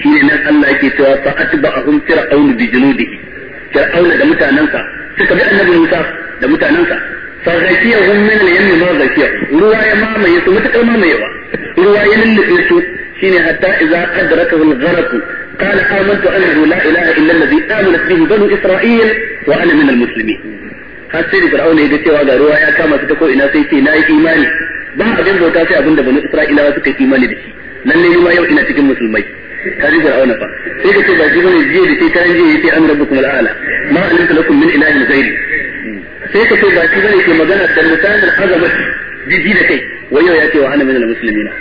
Speaker 1: shi ne nan Allah yake cewa fa atba'ahum fir'aunu bi junudihi fir'auna da mutanansa suka bi annabi Musa da mutanansa fa zakiyahum min al-yammi ma zakiya ruwa ya mamaye su mutakar mamayewa ruwa ya lullufe su shine hatta idza adrakahu al-gharq قال آمنت أنه لا إله إلا الذي آمنت به بنو إسرائيل وأنا من المسلمين har sai da fir'auna ya ga cewa ga ruwa ya kama su ta ko ina sai ce na yi imani ba abin bauta sai abin da bani isra'ilawa suka yi imani da shi nan ne ma yau ina cikin musulmai ka ji fir'auna fa sai ka ce ba ji bane jiya da sai kayan jiya yace an rabbukum al'ala ma alimtu lakum min ilahin zairi. sai ka ce ba ji bane ke magana da misalan azamati jiji da kai yau ya ce wa ana min al-muslimina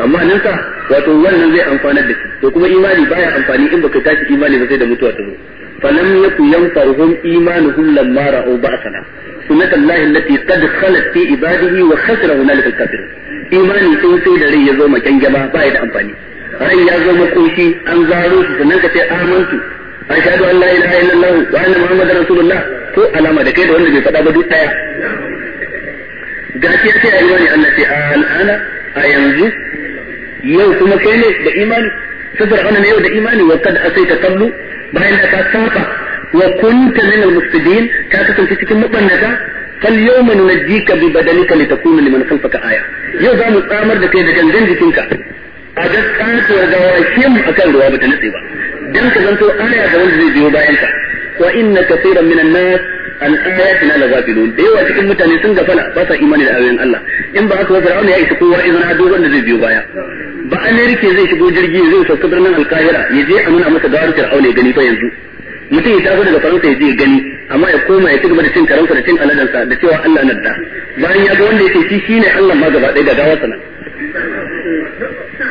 Speaker 1: amma nan sa wato wannan zai amfana da shi to kuma imani baya amfani in baka tashi imani ba sai da mutuwa ta zo falam yaku yanfa'uhum imanuhum lamma ra'u ba'sana sunnat allahi allati qad khalat fi ibadihi wa khasira hunalika al-kafir imani sai sai da rai ya zo makangama baya da amfani rai ya zo makoshi an zaro shi sannan ka ce amantu ashhadu an la ilaha illallah wa anna muhammadar rasulullah ko alama da kai da wanda bai faɗa ba duk daya gashi sai ayyuka ne Allah sai al'ana a yanzu yau kuma kai ne da imani ta fir'auna ne yau da imani wa kad asaita qablu bayan da ka saba wa kunta min al-mufsidin ka kasance cikin mabannata fal yawma nunajjika bi badanika litakuna liman khalfaka aya yau za mu tsamar da kai da gangan jikinka a ga tsatuwar gawakin akan ruwa bata nutse ba dan ka zanto aya ga wanda zai biyo bayan ka wa inna kaseeran minan nas an ayati na lazafilun da yawa cikin mutane sun gafala ba sa imani da ayoyin Allah in ba haka ba fir'auna ya isa kowa idan hado wanda zai biyo baya ba an rike zai shigo jirgi zai sauka birnin alkahira ya je a nuna masa gawar fir'auna ya gani fa yanzu mutum ya tafi daga faransa ya je gani amma ya koma ya cigaba da cin karansa da cin aladansa da cewa Allah na da bayan ya ga wanda yake shi shine Allah ma gaba ɗaya da gawarsa nan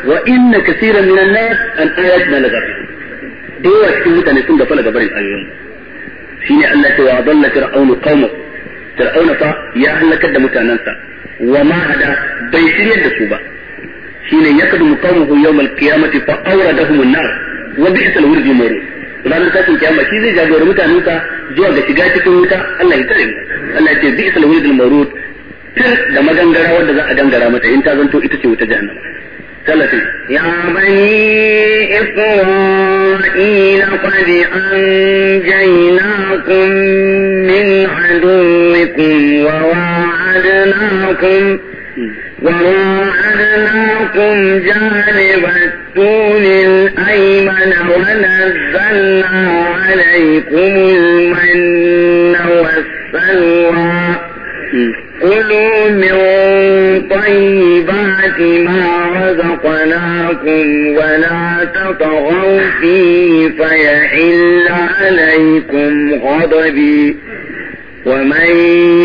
Speaker 1: wa inna kaseeran minan nas an ayatuna lazafilun da yawa cikin mutane sun gafala gabarin ayoyin shine Allah ce wa dalla fir'aunu qaumu fir'auna fa ya halakar da mutanansa wa ma hada bai shiryar da su ba shine yakdumu qaumuhu yawmal qiyamati fa awradahum an-nar wa bi'sal wirdi mawrud ranar tashin kiyama shi zai jagori mutanensa zuwa ga shiga cikin wuta Allah ya kare mu Allah ya ce bi'sal wirdul mawrud tir da magangara wanda za a gangara mata in ta zanto ita ce wuta jahannama يا
Speaker 3: بني إسرائيل قد أنجيناكم من عدوكم وواعدناكم وواعدناكم جانب التون الأيمن ونزلنا عليكم المن والسلوى كلوا من طيب ولكم ولا تطغوا فيه فيحل عليكم غضبي ومن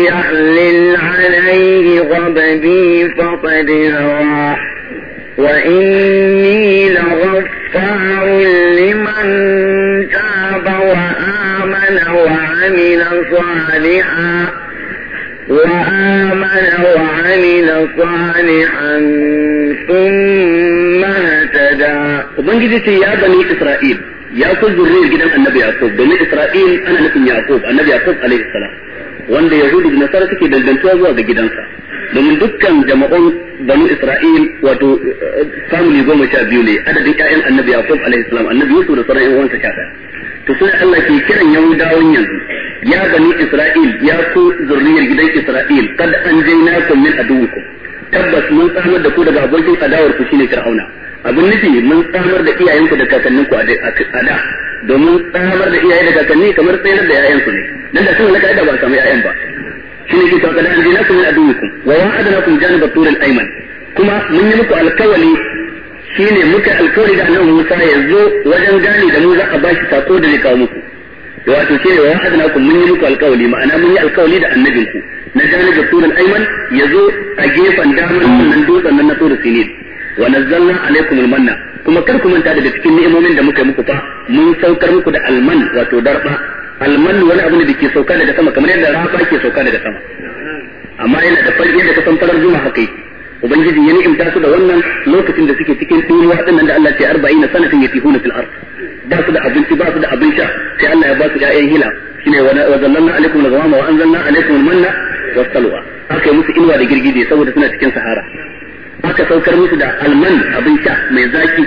Speaker 3: يحلل عليه غضبي فقد هواه وإني لغفار لمن تاب وآمن وعمل صالحا وآمن وعمل صالحا
Speaker 1: ثم اهتدى وبنجي يا بني إسرائيل يعقوب ذرية جدا النبي يعقوب بني إسرائيل أنا نفهم يعقوب النبي يعقوب عليه السلام wanda yahudu da nasara suke dangantuwa zuwa ga gidansa domin dukkan jama'un banu isra'il wato eh, family goma sha biyu ne adadin ƴaƴan annabi yaqub alaihi annabi yusuf da sauran ƴan uwansa sha ɗaya to sai Allah ke kiran yahudawan yanzu ya bani isra'il ya ku zurriyar gidan isra'il kad anjaynakum min aduwikum tabbas mun samar da ku daga abokin adawar ku shine fir'auna abin nufi mun samar da iyayenku da kakanninku a da domin samar da iyaye da kakanni kamar tsayar da yayansu ne dan da sun laka da ba samu yayan ba shine ke kada anjaynakum min aduwikum wa wa'adnakum janibat turil ayman kuma mun yi muku alkawali shine muka alkawari da annabi Musa ya zo wajen gane da mu za a bashi sako da zai kawo muku wato ce wa hadnakum mun yi muku alkawali ma'ana mun yi alkawali da annabin ku na janibi turan ayman yazo a gefen damar nan dutsen nan na turu sinin wa nazzalna alaikum almanna kuma kar ku manta da cikin ni'imomin da muka yi muku fa mun saukar muku da alman wato darba alman wani abu ne da ke sauka daga sama kamar yadda rafa ke sauka daga sama amma yana da farko da kasan farar zuma haka ubangiji ya ni'imta su da wannan lokacin da suke cikin duniya waɗannan da Allah ce 40 sanatin yatihuna fil ard ba su da abinci ba su da abin sha sai Allah ya ba su ƴaƴan hila shine wa zallanna alaikum al-ghamama wa anzalna alaikum al-manna was salwa aka musu inuwa da girgije saboda suna cikin sahara aka saukar musu da alman abin sha mai zaki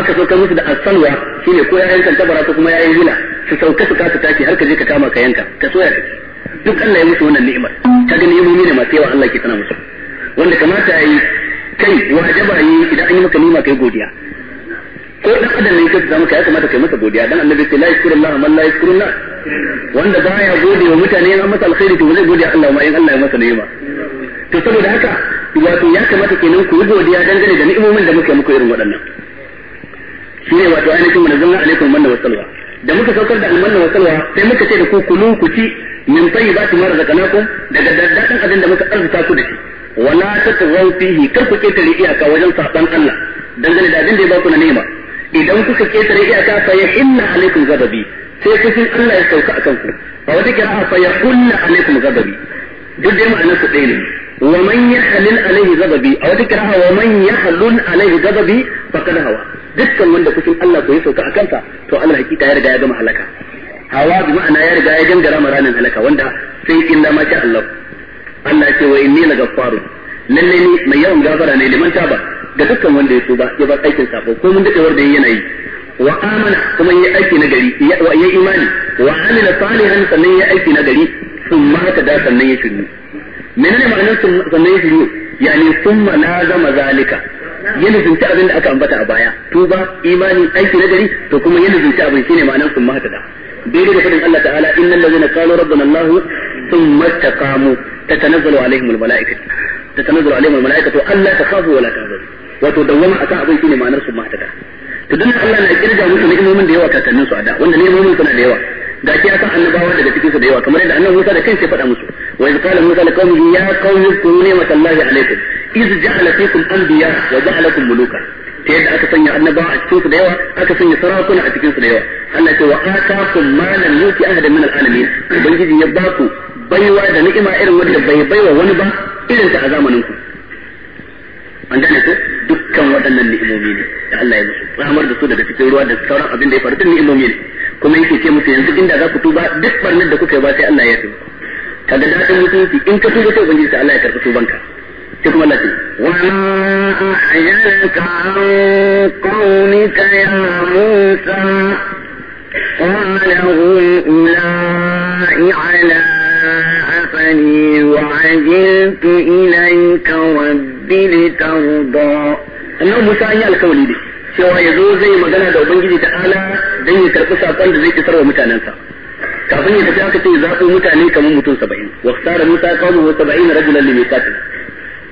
Speaker 1: aka saukar musu da asalwa shine ko ƴaƴan kantabara ko kuma ƴaƴan hila su sauka su kasa tashi har ka je ka kama ka yanka ka soya duk Allah ya musu wannan ni'imar ka ga ni'imomi ne masu yawa Allah ke tana musu wanda kamata a yi kai wajaba yi idan an yi maka nima kai godiya ko dan adam ne kai zama ya kamata kai masa godiya dan annabi sai la yashkuru Allah man la yashkuru nas wanda baya gode wa mutane yana masa alkhairi to zai gode Allah ma in Allah ya masa ni'ima to saboda haka wato ya kamata kenan ku godiya dangane da ni'imomin da muka muku irin waɗannan shi ne wato ainihin manzon alaikum manna wasalwa da muka saukar da almanna wasalwa sai muka ce da ku kulu ku ci min tayyibati ma razaqnakum daga daddadan abin da muka arzuta ku da shi wala tatghaw fihi kar ku ketare iyaka wajen saɓan Allah dangane da abin da ya ba ku na nema idan kuka ketare iyaka fa inna alaikum ghadabi sai fushin Allah ya sauka akan ku a wata kira fa yakunna alaikum ghadabi duk dai ma'anar su ɗaya ne wa man yahlil alaihi ghadabi a wata kira wa man halun alaihi ghadabi faqad hawa dukkan wanda fushin Allah ku ya sauka akan sa to Allah hakika ya riga ya gama halaka hawa bi ma'ana ya riga ya gangara maranin halaka wanda sai illa ma sha Allah Allah ya ce wa inni la gaffaru lalle ne mai yawan gafara ne liman taba ga dukkan wanda ya tuba ya bar aikin sako ko mun dadewar wanda yana yi wa amana kuma yayi aiki na gari wa yayi imani wa amila salihan sannan yayi aiki na gari thumma haka da sannan ya shiru menene ma'anar sannan ya shiru yani thumma lazama zalika ya nufinci abin da aka ambata a baya tuba imani aiki na gari to kuma ya nufinci abin shine ma'anar sun da, daidai da fadin Allah ta'ala innal ladzina qalu rabbana Allah thumma istaqamu تتنزل عليهم الملائكة تتنزل عليهم الملائكة ألا تخافوا ولا تهزوا وتدوما أتعبوا فيني ما نرسل ما تدعى تدنى الله أن أجرد أمسوا نئي مؤمن ديوا كتنين سعداء وأن نئي مؤمن سنع ديوا دا كي أسع أن نباوا وحدة بتكين سديوا كما رأي لأنه موسى لكين سفر أمسوا وإذ قال موسى لقوم يا قوم اذكروني مثل الله عليكم إذ جعل فيكم أنبياء وجعلكم ملوكا تيد أكسن أن نباوا أتكين سديوا أكسن يسراكم أتكين سديوا أن ما لم يوتي أهدا من العالمين بل جدي يباكم baiwa da ni'ima irin wanda bai baiwa wani ba irin ta a zamanin ku an gane ku dukkan waɗannan ni'imomi ne da Allah ya musu samar da su daga cikin ruwa da sauran abin da ya faru duk ni'imomi ne kuma yake ce musu yanzu inda za ku tuba duk barnar da kuka yi ba sai Allah ya tuba kaga daɗin mutunci in ka tuba sai ubangiji Allah ya karɓi tubanka sai kuma Allah wa ayyaka kaunika ya musa wa
Speaker 3: قال هم ala عجلت إليك رب لترضى annabi Musa ya alkawari
Speaker 1: دي سوى ya zo zai magana da Ubangiji da ala don ya karɓi saƙon da zai isar wa mutanensa. Kafin ya tafi aka سبعين zaɓo mutane kamar mutum saba'in. Wa tsara Musa kawo wa kafin.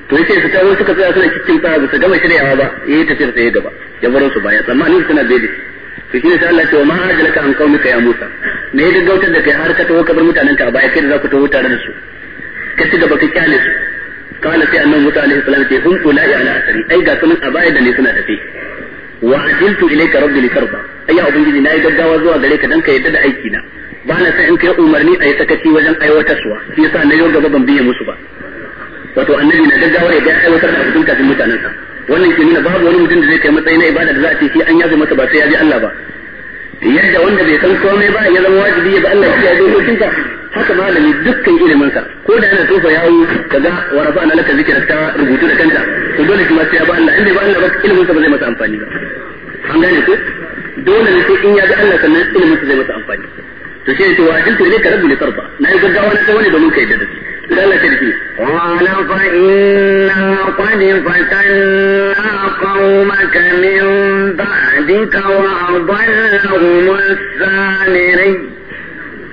Speaker 1: To suna cikin tsaya bisa gama shiryawa ba ya yi tafiyar sai ya gaba ya bar su baya tsammanin suna bedi. To shi ne sai Allah ce wa ma an kawo ya Musa. Me ya gaggautar da kai har ka taho ka bar a baya kai da za ku tare da su. ka ci gaba ka kyale su kana sai annan Musa alaihi salam ce hum ulai ala asari ai ga sunan baya da ne suna tafi wa ajiltu ilayka rabbi litarda ayya ubangiji na yi gaggawa zuwa gare ka dan ka yadda da aiki na ba na san in kai umarni a yi sakaci wajen aiwatarwa shi yasa na yau gaba ban biye musu ba wato annabi na gaggawa ya ga aiwatar da abin kafin mutanen sa. wannan ke nuna babu wani mutum da zai kai matsayi na ibada da za a ce shi an yafe masa ba sai ya ji Allah ba yadda wanda bai san komai ba ya zama wajibi ya ba Allah ya yi zo ka haka malami dukkan ilimin sa ko da yana tofa yawo kaga wa rafa'na laka zikra ta rubutu da kanta to dole shi ma sai ya ba Allah inda ba Allah ba ilimin sa ba zai masa amfani ba an gane ko dole ne sai in ya bi Allah sannan ilimin sa zai masa amfani to sai ne to wajin to ne ka rabu ne tarba na yi gaggawa na ta wani domin ka yadda da shi قال فإنا قد
Speaker 3: قومك من بعدك وأضلهم السامري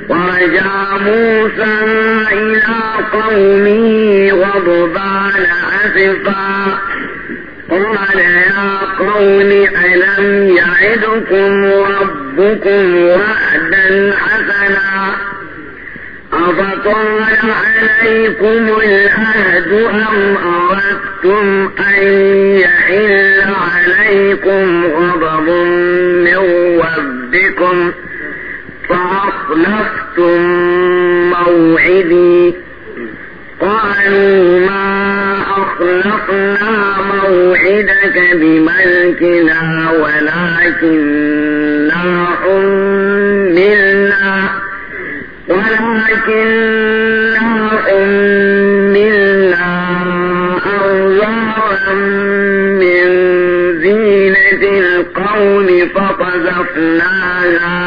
Speaker 3: ورجع موسى إلى قومه غضبان أسفا قال يا قوم ألم يعدكم ربكم وعدا حسنا أفطال عليكم العهد أم أردتم أن يحل عليكم غضب من ربكم فأخلفتم موعدي قالوا ما أخلفنا موعدك بملكنا ولكننا حملنا ولكنه حملنا أرزارا من زينة القوم فقذفناها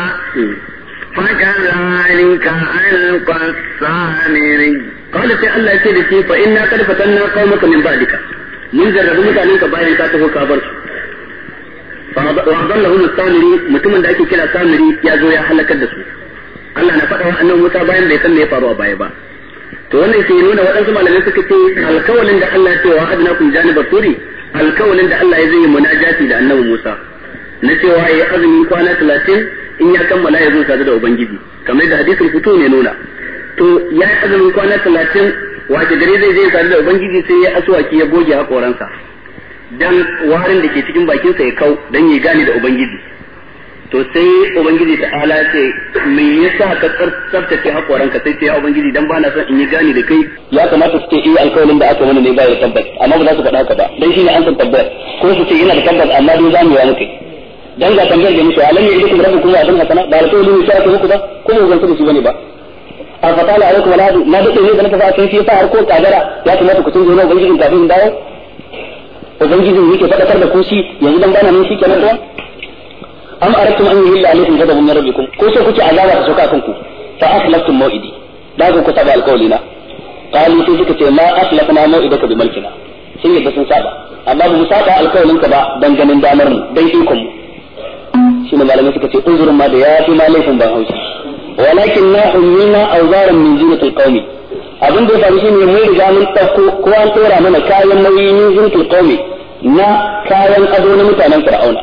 Speaker 1: فكذلك ألقى السامري قال في الله سيدتي فإنا قد فتنا قومك من بعدك mun jarrabu mutanenka bayan ka taho ka bar su wa adallahu samiri mutumin da ake kira samiri ya zo ya halakar da su Allah na faɗa wa Musa bayan ya san me ya faru a baya ba to wannan ke nuna waɗansu malamai suka ce alkawalin da Allah ya ce wa adna kun janibar turi alkawalin da Allah ya zai yi munajati da annabi Musa na cewa ya azumi kwana 30 in ya kammala ya zo sadu da ubangiji kamar da hadisin fito ne nuna to ya yi azumin kwana 30 wace dare zai je sadu da ubangiji sai ya asuwaki ya goge haƙoransa dan warin da ke cikin bakinsa ya kau dan ya gane da ubangiji to sai ubangiji ta ala ce me yasa ka tsaftace hakoran ka sai ce ubangiji dan bana son in yi gani da kai ya kamata su ce eh alƙawarin da aka mana ne ba ya tabbas amma ba za su faɗa ka ba dan shine an san tabbas ko su ce yana da tabbas amma dai za mu yi kai dan ga tambayar da muke alamin yadda kuma rabbukum wa adana sana ba alƙawarin ne sai muku ba ko mu zan su bane ba a fatala alaikum aladu na dade ne da na tafi sai fa har ko kadara ya kamata ku tunje na ubangijin kafin dawo ne yake faɗakar da ku shi yanzu dan bana ne shi kenan ko am aratum an yuhilla alaikum ghadabun min rabbikum ko sai kuke azaba ta sauka kanku fa aslaftum mau'idi da ku ku saba alqawlina qalu sai suka ce ma aslafna mau'idaka bi mulkina sun yadda sun saba amma ba mu saba alqawlinka ba dan ganin damar mu dan ikon mu shine malamai suka ce uzurin ma da yafi ma laifin ban hausa. walakin na ummina awzaran min zinatil qaumi abin da ya faru shine mun riga mun dauko ko an tsora mana kayan nauyi min zinatil qaumi na kayan ado na mutanen fir'auna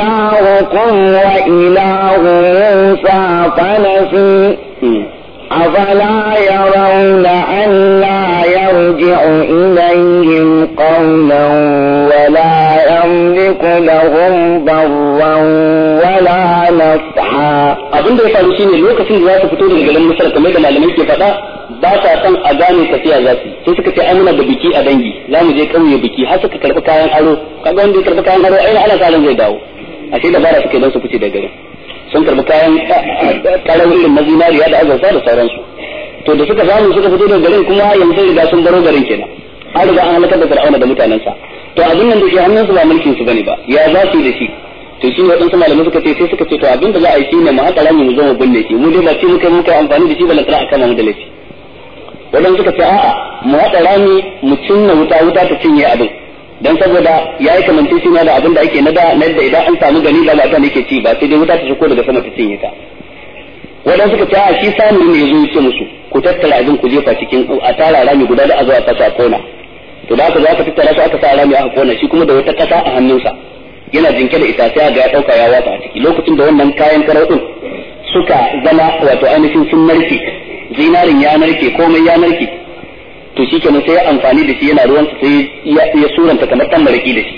Speaker 3: إلهكم وإله موسى فنسي أفلا يرون لا يرجع إليهم قولا ولا يملك لهم ضرا ولا نفعا ya faru shine
Speaker 1: lokacin da za su fito daga ما لم kamar da malamai ke faɗa ba sa san a gane tafiya za su sai suka ce amina muna da biki a dangi za mu je ƙauye biki suka karɓi kayan aro kaga wanda ya karɓi kayan aro ana sa zai dawo ashe dabara suke don su fice da garin sun karbi kayan kayan irin na zinariya da azurfa da sauransu to da suka samu suka fito da garin kuma yanzu riga sun baro garin kenan an riga an halakar da fir'auna da mutanensa to abin nan da shi hannun su ba mulkin su bane ba ya za su yi da shi to shi ne wadansu malamai suka ce sai suka ce to abin da za a yi shine mu haƙa mu zo mu binne shi mu dai ba ce muka muka amfani da shi ba lantana akan mu da laifi wadansu suka ce a'a mu haƙa rami mu cinna wuta wuta ta cinye abin dan saboda ya yi kamance na da abin da ake na da na da idan an samu gani ba da ne ke ci ba sai dai wuta ta shigo daga sama ta cinye ta wadan suka ce a shi samun ne yazo yace musu ku tattara abin ku jefa cikin a tara rami guda da azuwa ta sa kona to da haka za ka tattara su aka sa rami aka kona shi kuma da wata kasa a hannunsa yana jinke da ita sai ga ya dauka ya wata a ciki lokacin da wannan kayan karau din suka zama wato ainihin sun narke zinarin ya narke komai ya narke to shi kenan sai ya amfani da shi yana ruwan sai ya suranta kamar dan maraki da shi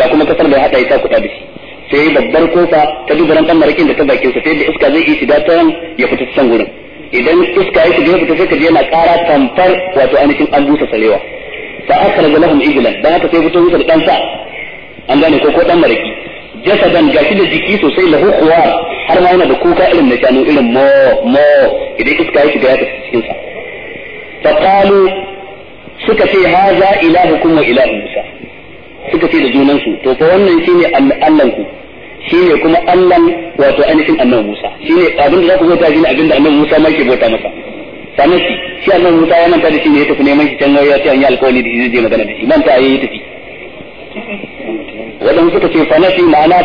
Speaker 1: ba kuma kasar bai hada ita kuɗa da shi sai babbar kofa ta dubaran dan marakin da ta bakin sa sai da iska zai yi shiga ta ya fita can gurin idan iska ya shiga ya fita sai ka yana ƙara tamfar wato ainihin an busa salewa fa akhra lahum ijlan dan haka sai fito wutar da dan sa an gane ko ko dan maraki jasadan gashi da jiki sosai lahu kuwa har ma yana da kuka irin na shanu irin mo mo idan iska ya shiga ya tafi cikin sa faqalu suka ce haza ilahukum wa ilahu musa suka ce da junan su to fa wannan shine allan ku shine kuma allan wato ainihin annabi musa shine abinda za ku bauta shine abinda annabi musa ma masa sanin shi shi musa ya manta da shi ne ya tafi neman shi can ya ce an yi alkawari da shi zai magana da shi manta yayi ce ma'ana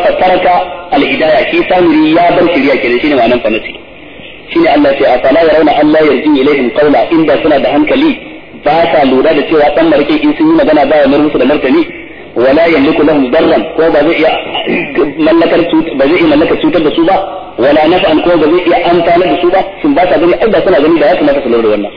Speaker 1: ya bar shirya kenan shine shine Allah ya ce afala yarawna Allah yarji ilaihim qawla inda suna da hankali ba sa lura da cewa dan marke in sun yi magana ba ya murmusu da martani wala yamliku lahum darran ko ba zai iya mallakar su ba zai iya mallakar cutar da su ba wala nafa'an ko ba zai iya amfana da su ba sun ba sa gani ai ba suna gani da ya kamata su lura da wannan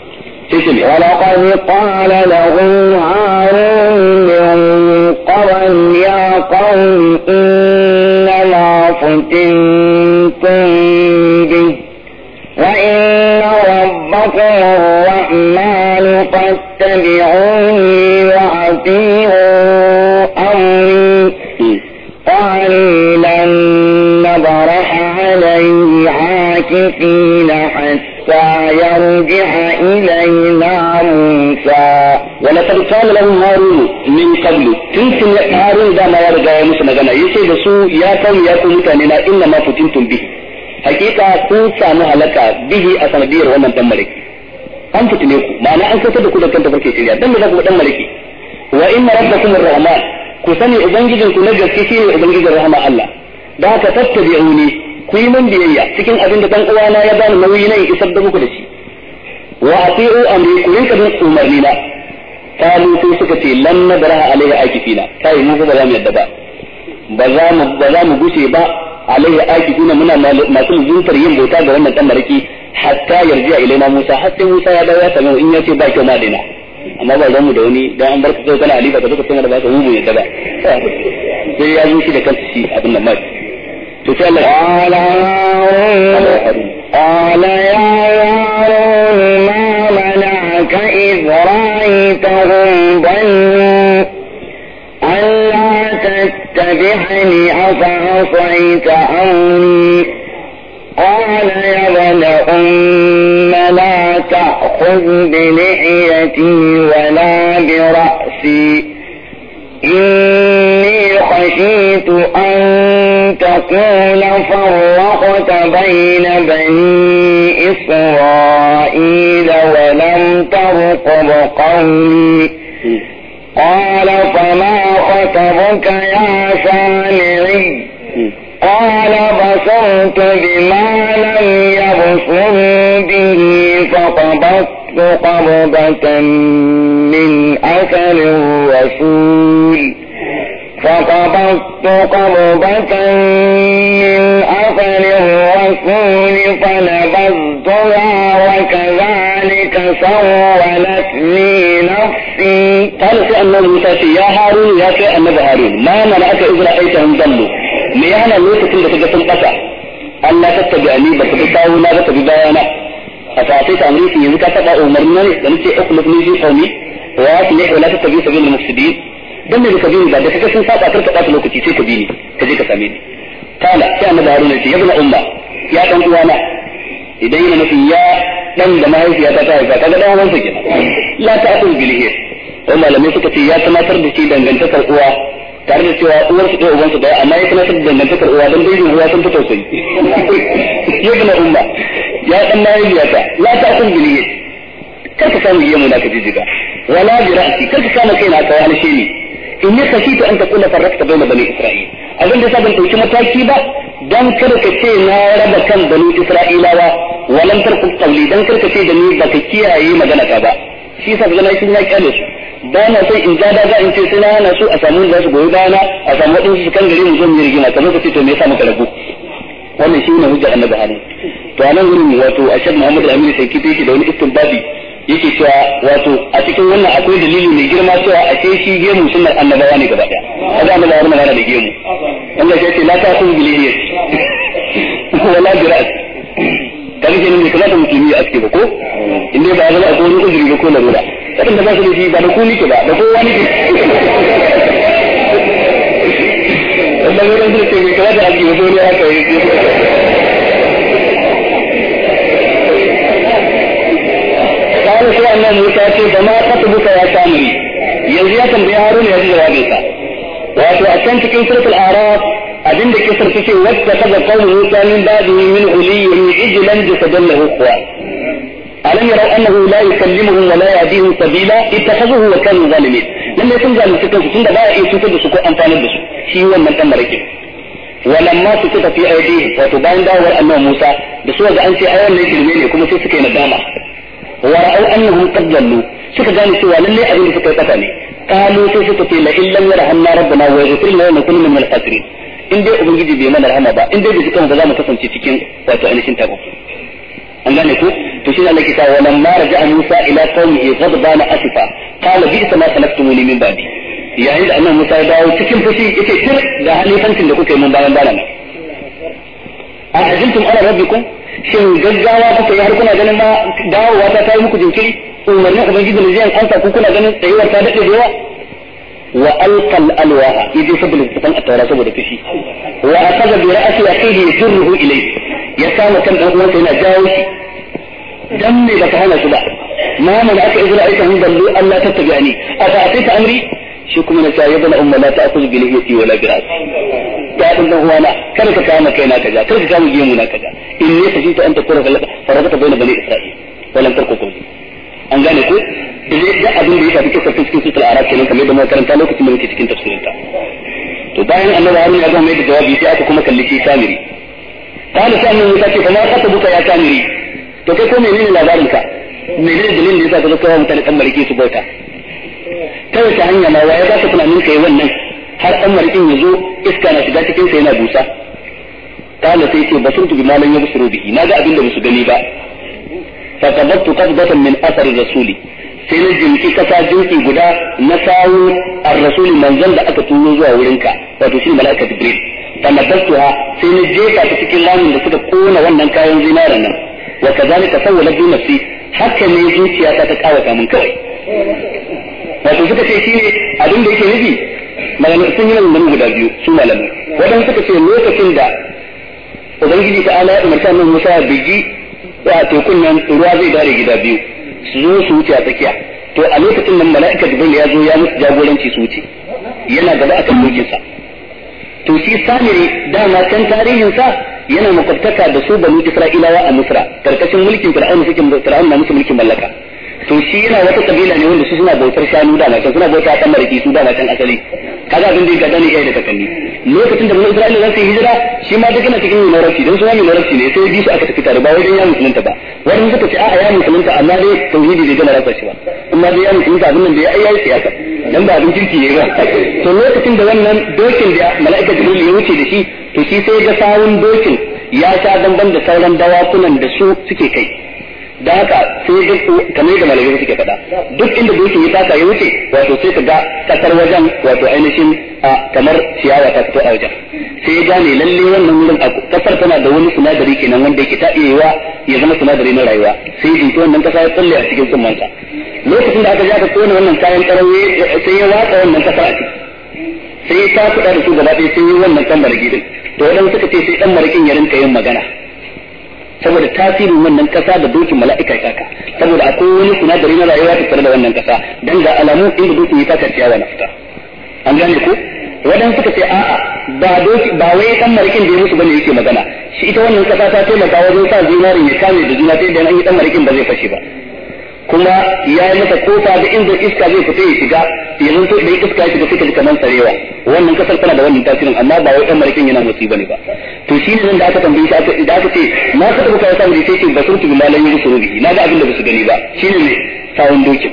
Speaker 1: ولقد قال لهم هارون من قبل يا
Speaker 3: قوم إنما فتنتم به وإن ربكم الرحمن فاتبعوني وأطيعوا أمري قليلا نبرح عليه عاكفين حتى يرجع إلينا
Speaker 1: موسى ولقد قال لهم هارون من قبل كنت هارون ده ما يرجع موسى مجانا يسير يا قوم يا قوم إنما فتنتم به hakika sun samu halaka bihi a sanadiyar wannan dan malaki an fitine ku ma'ana an kautar da ku da kanta farke shirya dan da dan malaki wa inna rabbakum arrahman ku sani ubangijin ku na gaske shi ne ubangijin rahama Allah da haka tattabi'uni ku yi min biyayya cikin abin da dan uwana ya bani nauyi nan isar da muku da shi wa ati'u amri ku rinka bin umarni na kalu sai suka ce lan nadraha alaiha akifina kai mu ba za mu yadda ba ba za mu ba za mu gushe ba alaihi aakifuna muna masu zuntar yin bauta ga wannan dan maraki hatta yarji'a ilaina Musa har sai Musa ya dawo ya sami in ya ce ba kyau ma daina amma ba zan mu da wani dan an barka kai kana alifa ka duka tana da ba ka mu yadda ba sai ya yi shi da kansa shi abin nan ma to sai Allah qala ya harun ma ka idh
Speaker 3: ra'aytahum dallu تتبعني أفعصيت أمري قال يا ابن أم لا تأخذ بلحيتي ولا برأسي إني خشيت أن تقول فرقت بين بني إسرائيل ولم ترقب قولي قال فما خطبك يا سامري قال بصرت بما لم يبصروا به فقبضت قبضة من أثر الرسول فقبضت قبضة من أثر الرسول فنبذتها وكذا سولت
Speaker 1: لي نفسي قال في النبي موسى يا هارون يا في النبي هارون ما منعك إذ رأيتهم ضلوا da ta tabi ni ba na ba ta bi a ta sai dan da mahaifiya ta haifa kaga dan wannan sake kenan la ta'tul bil hir la malamai suka ce ya tunatar da shi dangantakar uwa tare da cewa uwar su da uban su da amma ya tunatar da dangantakar uwa dan dai uwa sun fito sai ya umma ya san mahaifiya ta la ta bil hir kar ka samu yemu na ka jijjiga wala bi ra'si kar ka samu kai na ka wani shi ne in ya kashi ta an ta kula farrakta bai bani isra'i abin da sabon ɗauki mataki ba dan kada ka ce na raba kan bani isra'ilawa walam tarku qawli dan karka ce da ni baka kiyaye magana ka ba shi sa ga shi na kyale su ba na sai in jada za in ce sai na su a samu da su goyi bayana a samu wadin su kan gari mu zo mu rigina kamar ka ce to me yasa muka rabu wannan shi ne hujjar annabi hali to anan wurin wato a ashad muhammad amiri sai kife shi da wani istinbabi yake cewa wato a cikin wannan akwai dalili mai girma cewa a ce shi gemu sunnar annabawa ne gaba daya kaga annabawa wani magana da gemu Allah ya ce la ta kun
Speaker 2: biliyat
Speaker 1: (laughs) wala birat kan ke nan bai kamata musulmi ya aske ba ko in dai ba a zama a kowane uzuri ba ko larura waɗanda ba su da shi ba da ku nike ba da kowa nike wannan wurin da ke bai kamata aske ba ko ne haka ya قال سوى أن موسى فما خطبك يا سامري يزيا تنبيه هارون يزيد وابيسا وأتو أسان تكين سورة الأعراف abin da kisar cikin wadda ta ga kawai musa min babu min uliyin ijilan da tajallahu kuwa alam yarau annahu la yukallimuhum wa la yahdihim sabila ittakhazuhu wa kanu zalimin lalle sun zalunci kansu tunda ba ya iya cutar da su ko amfanar da su shi wannan dan maraki walamma su kita fi aidi wato bayan dawowar annabi Musa da su ga an ce ayan ne shirme ne kuma sai suka yi nadama wa ra'au annahum qad jallu suka gane cewa lalle abin da suka yi kasa ne kalu sai suka ce la illam yarhamna rabbana wa yaghfir lana nakunu min al-khasirin in dai ubangiji bai mana rahama ba in dai bai cikin za mu kasance cikin wato ainihin tabo an gane ko to shi Allah ke sa wa lamma raja'a Musa ila qaumihi ghadbana asifa qala bi'sa ma talaqtumuni min ba'di yayin da annabi Musa ya dawo cikin fushi yake tir da halifancin da kuka yi mun bayan bana nan a ajintum ala rabbikum shin gaggawa kuka yi har kuna ganin ma dawowa ta ta yi muku jinkiri umarnin ubangiji ne zai an ku kuna ganin tsayuwar ta dade da yawa وألقى الألواح يجي الانتقام حتى ولا سبب شيء وأخذ برأس أخيه يجره إليه يسامى كم أقوات هنا جاوش دمي لك هنا شبع ما منعك إذ رأيت عند الله ألا تتبعني أفأتيت أمري شكو من سايدنا أم لا تأخذ بلهيتي ولا برأسي يا أنه هو أنا كان كما كينا كذا كان كما جيمنا كذا إني خشيت أن تكون فرقت بين بني إسرائيل ولم تركوا قولي an gane ko idan da abin da ya tafi kisa cikin sutul arab kenan kamar da makaranta lokacin da muke cikin tafsirin ta to bayan annabi harun ya gama da jawabi sai aka kuma kalli shi samiri
Speaker 3: kana sai annabi ya ce ka ma buka ya samiri
Speaker 1: to kai ko menene labarin ka menene dalilin da yasa ka zaka kawo mutane ɗan mariki su bauta ta wace hanya ma waye za ka tunanin kai wannan har an marikin ya zo iska na shiga cikin sa yana busa kana sai ce basurtu bi malan ya busuru bihi naga abin da musu gani ba fa qabattu qabdatan min athari rasuli sai na jimki kasa jinki guda na sawo ar-rasuli manzon da aka turo zuwa wurinka wato shi mala'ika jibril fa nabbastuha sai na jefa ta cikin ramin da suka kona wannan kayan zinara nan wa kazalika sawwalat bi nafsi haka ne kawai wato suka ce shine abin da yake nufi malamai sun yi nan guda biyu su malamai wadanda suka ce lokacin da ubangiji ta ala ya umarta nan musa bigi a tekun nan ruwa zai dare gida biyu su zo su wuce a tsakiya to a lokacin nan mala'ika jibril ya zo ya musu jagoranci su wuce yana gaba akan dokinsa to shi samiri dama tarihin tarihinsa yana makwabtaka da su banu isra'ilawa a misra karkashin mulkin fir'auna suke fir'auna musu mulkin mallaka to shi yana wata kabila ne wanda su suna bautar shanu da macan suna bautar kan mariki su da macan asali kaga abin da ya gada ne da kakanni lokacin da mun Isra'ila zai yi hijira shi ma duk yana cikin minority dan suna ma minority ne sai bi su aka tafi tare ba wajen ya musulunta ba Wani suka ce a'a ya musulunta amma dai tauhidi bai gama rasa shi ba amma dai ya musulunta abin nan da ya ayyai siyasa dan ba abin kirki ne ba (laughs) to lokacin da wannan dokin da mala'ika Jibril ya wuce da shi to shi sai ga sawun dokin ya sha bamban da sauran dawakunan da su suke kai da haka sai duk kamar da malamai suke faɗa duk inda dokin ya tasa ya wuce wato sai ka ga kasar wajen wato ainihin a kamar ciyawa ta fito a wajen sai ya gane lalle wannan wurin a kasar tana da wani sinadari kenan wanda yake ta iya ya zama sinadari na rayuwa sai jinki wannan kasa ya tsalle a cikin manta. lokacin da aka ja ka kone wannan kayan karawe sai ya watsa wannan kasar a ciki sai ya ta kuɗa da su gaba ɗaya sai ya wannan kan margidin to waɗansu suka ce sai ɗan marigin ya rinka yin magana saboda tasirin wannan kasa da dokin mala'ika ya kaka saboda akwai wani sinadari na rayuwa ta tare da wannan kasa dan ga alamu inda dokin ya kaka ciyawa na fita an gane ku wadan suka ce a'a ba doki ba wai dan marikin da ya musu bane yake magana shi ita wannan kasa ta taimaka wajen sa zinarin ya kame da juna sai yadda an yi dan marikin ba zai fashe ba kuma ya yi masa kofa da inda iska zai fita ya shiga yanzu to idan iska ya shiga sai ka ji kaman sarewa wannan kasar tana da wannan tasirin amma ba wai ɗan marikin yana motsi bane ba to shi ne da aka tambaye shi aka da aka ce na ka tabbata ya samu sai ce basirtu billahi yi yusuru bihi na ga abin da ba su gani ba shi ne sawun dokin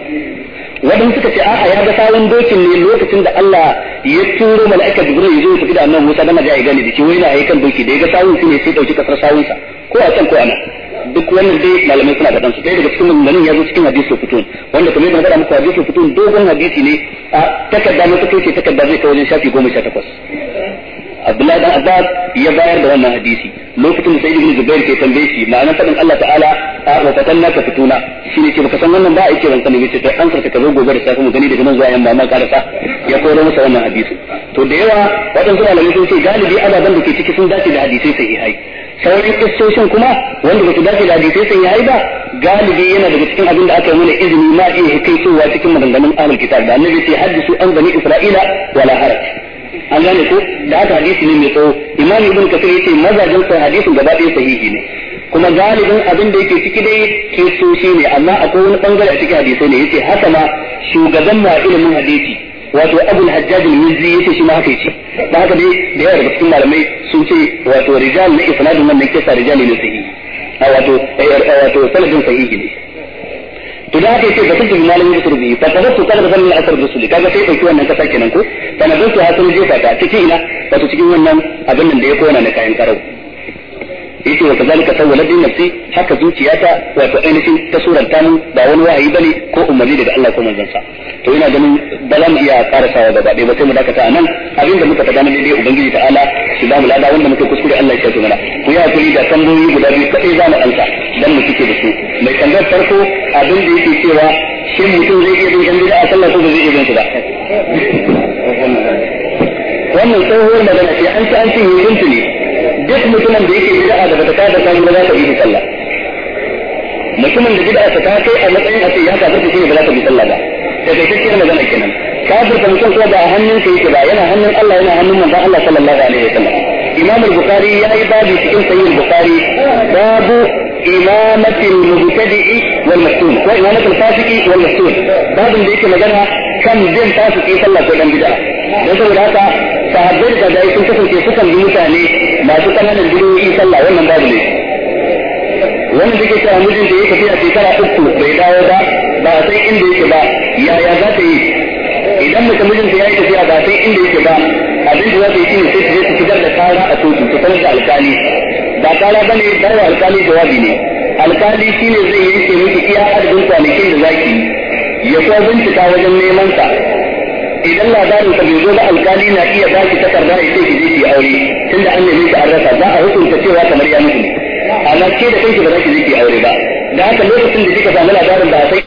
Speaker 1: wadanda suka ce a'a ya ga sawun dokin ne lokacin da Allah ya turo mala'ika jibril ya zo ya tafi da annabi Musa dama ga ya gane da shi wai na yi kan doki da ya ga sawun shi ne sai dauki kasar sawunsa ko a can ko ana duk wannan dai malamai suna da kansu ɗaya daga cikin maganganun ya zo cikin hadisi fitun wanda kamar yadda na muku hadisi fitun dogon hadisi ne a takarda na fito ce takarda zai kai wajen shafi goma sha takwas Abdullahi dan Abbas ya bayar da wannan hadisi lokacin da Sayyid ibn Zubair ke tambaye shi ma'ana fadin Allah ta'ala a wa fatanna ka fituna shine ce baka san wannan ba yake ran sanin yace to an sarka ka zo gobe da safe mu gani daga nan zuwa yamma ma karasa ya koro masa wannan hadisi to da yawa wadansu malamai sun ce galibi ababen da ke ciki sun dace da hadisai sahihai sauran kistoshin kuma wanda ba su dace da hadisai sun yi ba galibi yana daga cikin abin da aka yi mana izini ma iya hikaitowa cikin maganganun ahlul kitab da annabi sai haddisu an bani isra'ila wala haraj an gane ko da aka hadisi ne mai tsawo imam ibn kasir yace mazajin sa hadisin gaba ɗaya sahihi ne kuma galibin abin da yake ciki dai kistoshi ne amma akwai wani bangare a cikin hadisai ne yace haka ma shugaban ma ilimin hadisi wato abul hajjaj al-mizzi yace shi ma haka yace da haka dai da yawa daga cikin malamai sun ce wato rijal na isnadin nan ne kisa rijal ne sahihi a wato eh, eh, wato sanadin sahihi ne to da haka yace da kanta malamin da turbi fa tabattu kana da sanin asar rasuli kaga sai dauki wannan kasa kenan ko kana na dauki hasan jefa ta cikin ina wato cikin wannan abin nan da ya kona na kayan karau yace wa kazalika sawwalat din nafsi haka zuciyata wato ainihin ta surar mun ba wani wahayi bane ko umarni daga Allah ko manzon sa to ina ganin ba za mu iya karasawa gaba ɗaya ba sai mu dakata a nan abin da muka faɗa na daidai ubangiji ta'ala shi ba mu lada wanda muke kuskure Allah ya mana ku yi hakuri da tambayoyi guda biyu kaɗai za mu ansa dan mu cike da su mai tambayar farko abin da yake cewa shin mutum zai iya bin yan bid'a sallah ko ba zai iya bin su ba wannan tsohuwar magana ce an ci an ci yi ne duk mutumin da yake bid'a da bata kafa ta ba za ta yi sallah mutumin da bid'a ta kai a matsayin a ce ya kafa ta ba za ta yi sallah ba da kai kike magana kenan kafir da mutum kuma ba a hannun sa yake ba yana hannun Allah yana hannun manzon Allah sallallahu alaihi wasallam imam al-bukhari ya yi babu cikin sahih al-bukhari babu إمامة المبتدئ والمسلوم وإمامة الفاسق والمسلوم بعض اللي يكي مجالها كم دين فاسق يصلى كل بدعة يصلى هذا sahabbai da tabi'ai sun kasance sukan bi mutane masu kananan bidiyoyi sallah wannan babu ne wannan ke cewa mijin da ya tafi a shekara uku bai dawo ba ba a san inda yake ba yaya za ta yi idan mace mijinta ya yi tafiya ba a san inda yake ba abin da za ta yi shine sai ta je ta fitar da kara a kotu su sanar da alkali ba kara bane dawo alkali jawabi ne alkali shine zai yi ce miki iya adadin kwanakin da zaki ya ko bincika wajen neman sa idan labarin ka bai zo ba alkali na iya ba ki takarda ya ce ki je ki aure tunda an nemi ki an rasa za a hukunta cewa kamar ya mutu amma ke da kanki
Speaker 2: ba za ki je ki aure ba da haka lokacin da kika samu labarin ba a sai